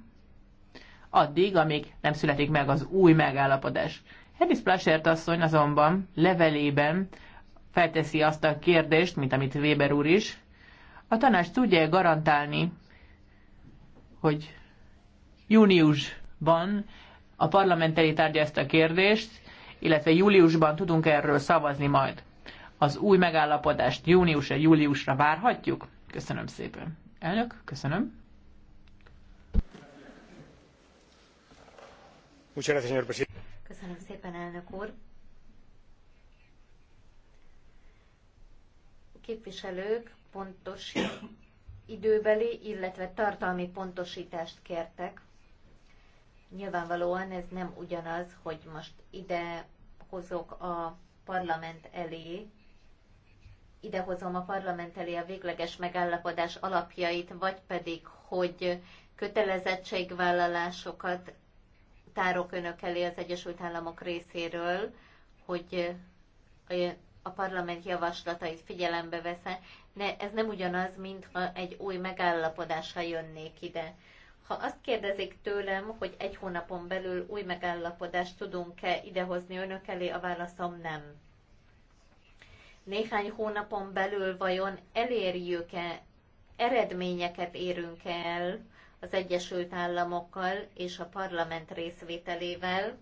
addig, amíg nem születik meg az új megállapodás. Hedis Plasert asszony azonban levelében felteszi azt a kérdést, mint amit Weber úr is, a tanács tudja -e garantálni, hogy júniusban a parlament elé tárgya ezt a kérdést, illetve júliusban tudunk erről szavazni majd. Az új megállapodást júniusra, júliusra várhatjuk? Köszönöm szépen. Elnök, köszönöm. Köszönöm szépen, elnök úr. Képviselők pontos időbeli, illetve tartalmi pontosítást kértek. Nyilvánvalóan ez nem ugyanaz, hogy most ide hozok a parlament elé idehozom a parlament elé a végleges megállapodás alapjait, vagy pedig, hogy kötelezettségvállalásokat tárok önök elé az Egyesült Államok részéről, hogy eh, a parlament javaslatait figyelembe veszem. Ne, ez nem ugyanaz, mintha egy új megállapodásra jönnék ide. Ha azt kérdezik tőlem, hogy egy hónapon belül új megállapodást tudunk-e idehozni önök elé, a válaszom nem néhány hónapon belül vajon elérjük-e, eredményeket érünk -e el az Egyesült Államokkal és a parlament részvételével,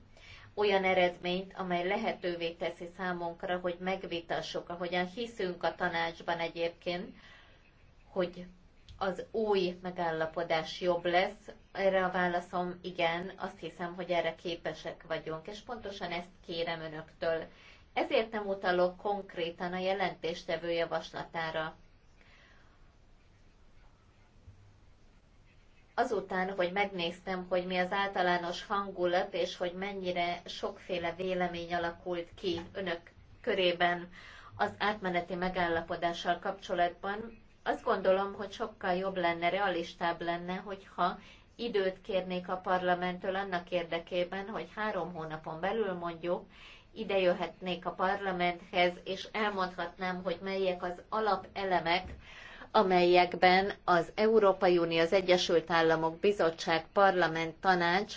olyan eredményt, amely lehetővé teszi számunkra, hogy megvitassuk, ahogyan hiszünk a tanácsban egyébként, hogy az új megállapodás jobb lesz? Erre a válaszom igen, azt hiszem, hogy erre képesek vagyunk, és pontosan ezt kérem önöktől. Ezért nem utalok konkrétan a jelentéstevő javaslatára. azután, hogy megnéztem, hogy mi az általános hangulat, és hogy mennyire sokféle vélemény alakult ki önök körében az átmeneti megállapodással kapcsolatban, azt gondolom, hogy sokkal jobb lenne, realistább lenne, hogyha időt kérnék a parlamenttől annak érdekében, hogy három hónapon belül mondjuk ide jöhetnék a parlamenthez, és elmondhatnám, hogy melyek az alapelemek, amelyekben az Európai Unió, az Egyesült Államok Bizottság, Parlament, Tanács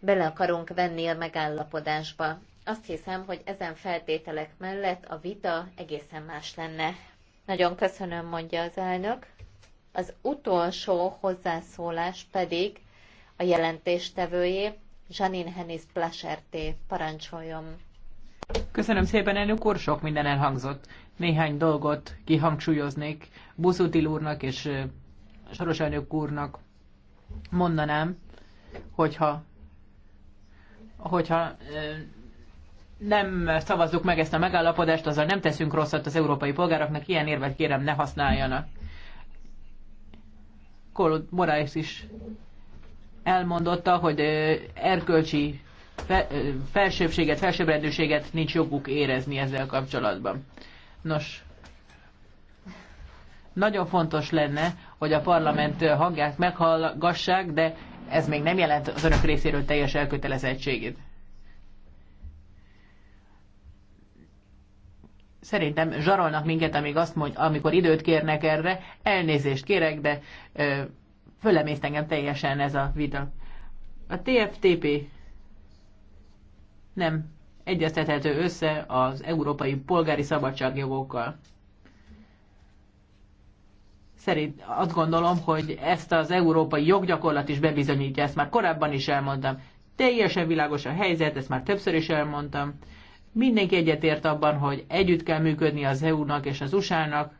bele akarunk venni a megállapodásba. Azt hiszem, hogy ezen feltételek mellett a vita egészen más lenne. Nagyon köszönöm, mondja az elnök. Az utolsó hozzászólás pedig a jelentéstevőjé, Janine Hennis Plaserté. Parancsoljon! Köszönöm szépen, elnök úr, sok minden elhangzott. Néhány dolgot kihangsúlyoznék Buszutil úrnak és Soros elnök úrnak mondanám, hogyha, hogyha nem szavazzuk meg ezt a megállapodást, azzal nem teszünk rosszat az európai polgároknak, ilyen érvet kérem ne használjanak. Kolod Morális is elmondotta, hogy erkölcsi felsőbséget, felsőbbrendűséget nincs joguk érezni ezzel kapcsolatban. Nos, nagyon fontos lenne, hogy a parlament hangját meghallgassák, de ez még nem jelent az önök részéről teljes elkötelezettségét. Szerintem zsarolnak minket, amíg azt mondja, amikor időt kérnek erre. Elnézést kérek, de fölemészt engem teljesen ez a vita. A TFTP nem egyeztethető össze az európai polgári szabadságjogokkal. Szerint azt gondolom, hogy ezt az európai joggyakorlat is bebizonyítja, ezt már korábban is elmondtam. Teljesen világos a helyzet, ezt már többször is elmondtam. Mindenki egyetért abban, hogy együtt kell működni az EU-nak és az USA-nak,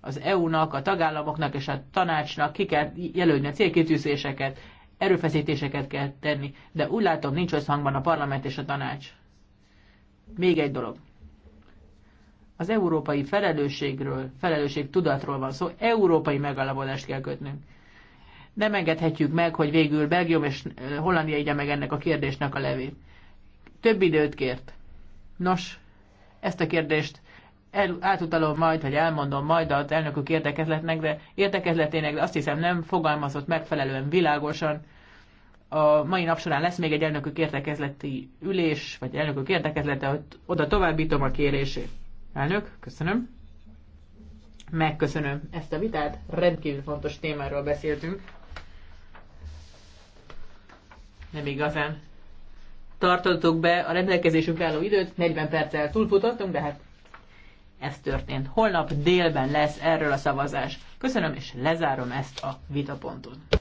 az EU-nak, a tagállamoknak és a tanácsnak ki kell jelölni a célkitűzéseket, erőfeszítéseket kell tenni, de úgy látom, nincs összhangban a parlament és a tanács. Még egy dolog. Az európai felelősségről, felelősség tudatról van szó, európai megállapodást kell kötnünk. Nem engedhetjük meg, hogy végül Belgium és Hollandia igye meg ennek a kérdésnek a levét. Több időt kért. Nos, ezt a kérdést el, átutalom majd, vagy elmondom majd az elnökök érdekezletnek, de érdekezletének, de azt hiszem nem fogalmazott megfelelően világosan. A mai nap során lesz még egy elnökök értekezleti ülés, vagy elnökök értekezlete, hogy oda továbbítom a kérését. Elnök, köszönöm. Megköszönöm ezt a vitát, rendkívül fontos témáról beszéltünk. Nem igazán tartottuk be a rendelkezésünkre álló időt, 40 perccel túlfutottunk, de hát ez történt. Holnap délben lesz erről a szavazás. Köszönöm, és lezárom ezt a vitapontot.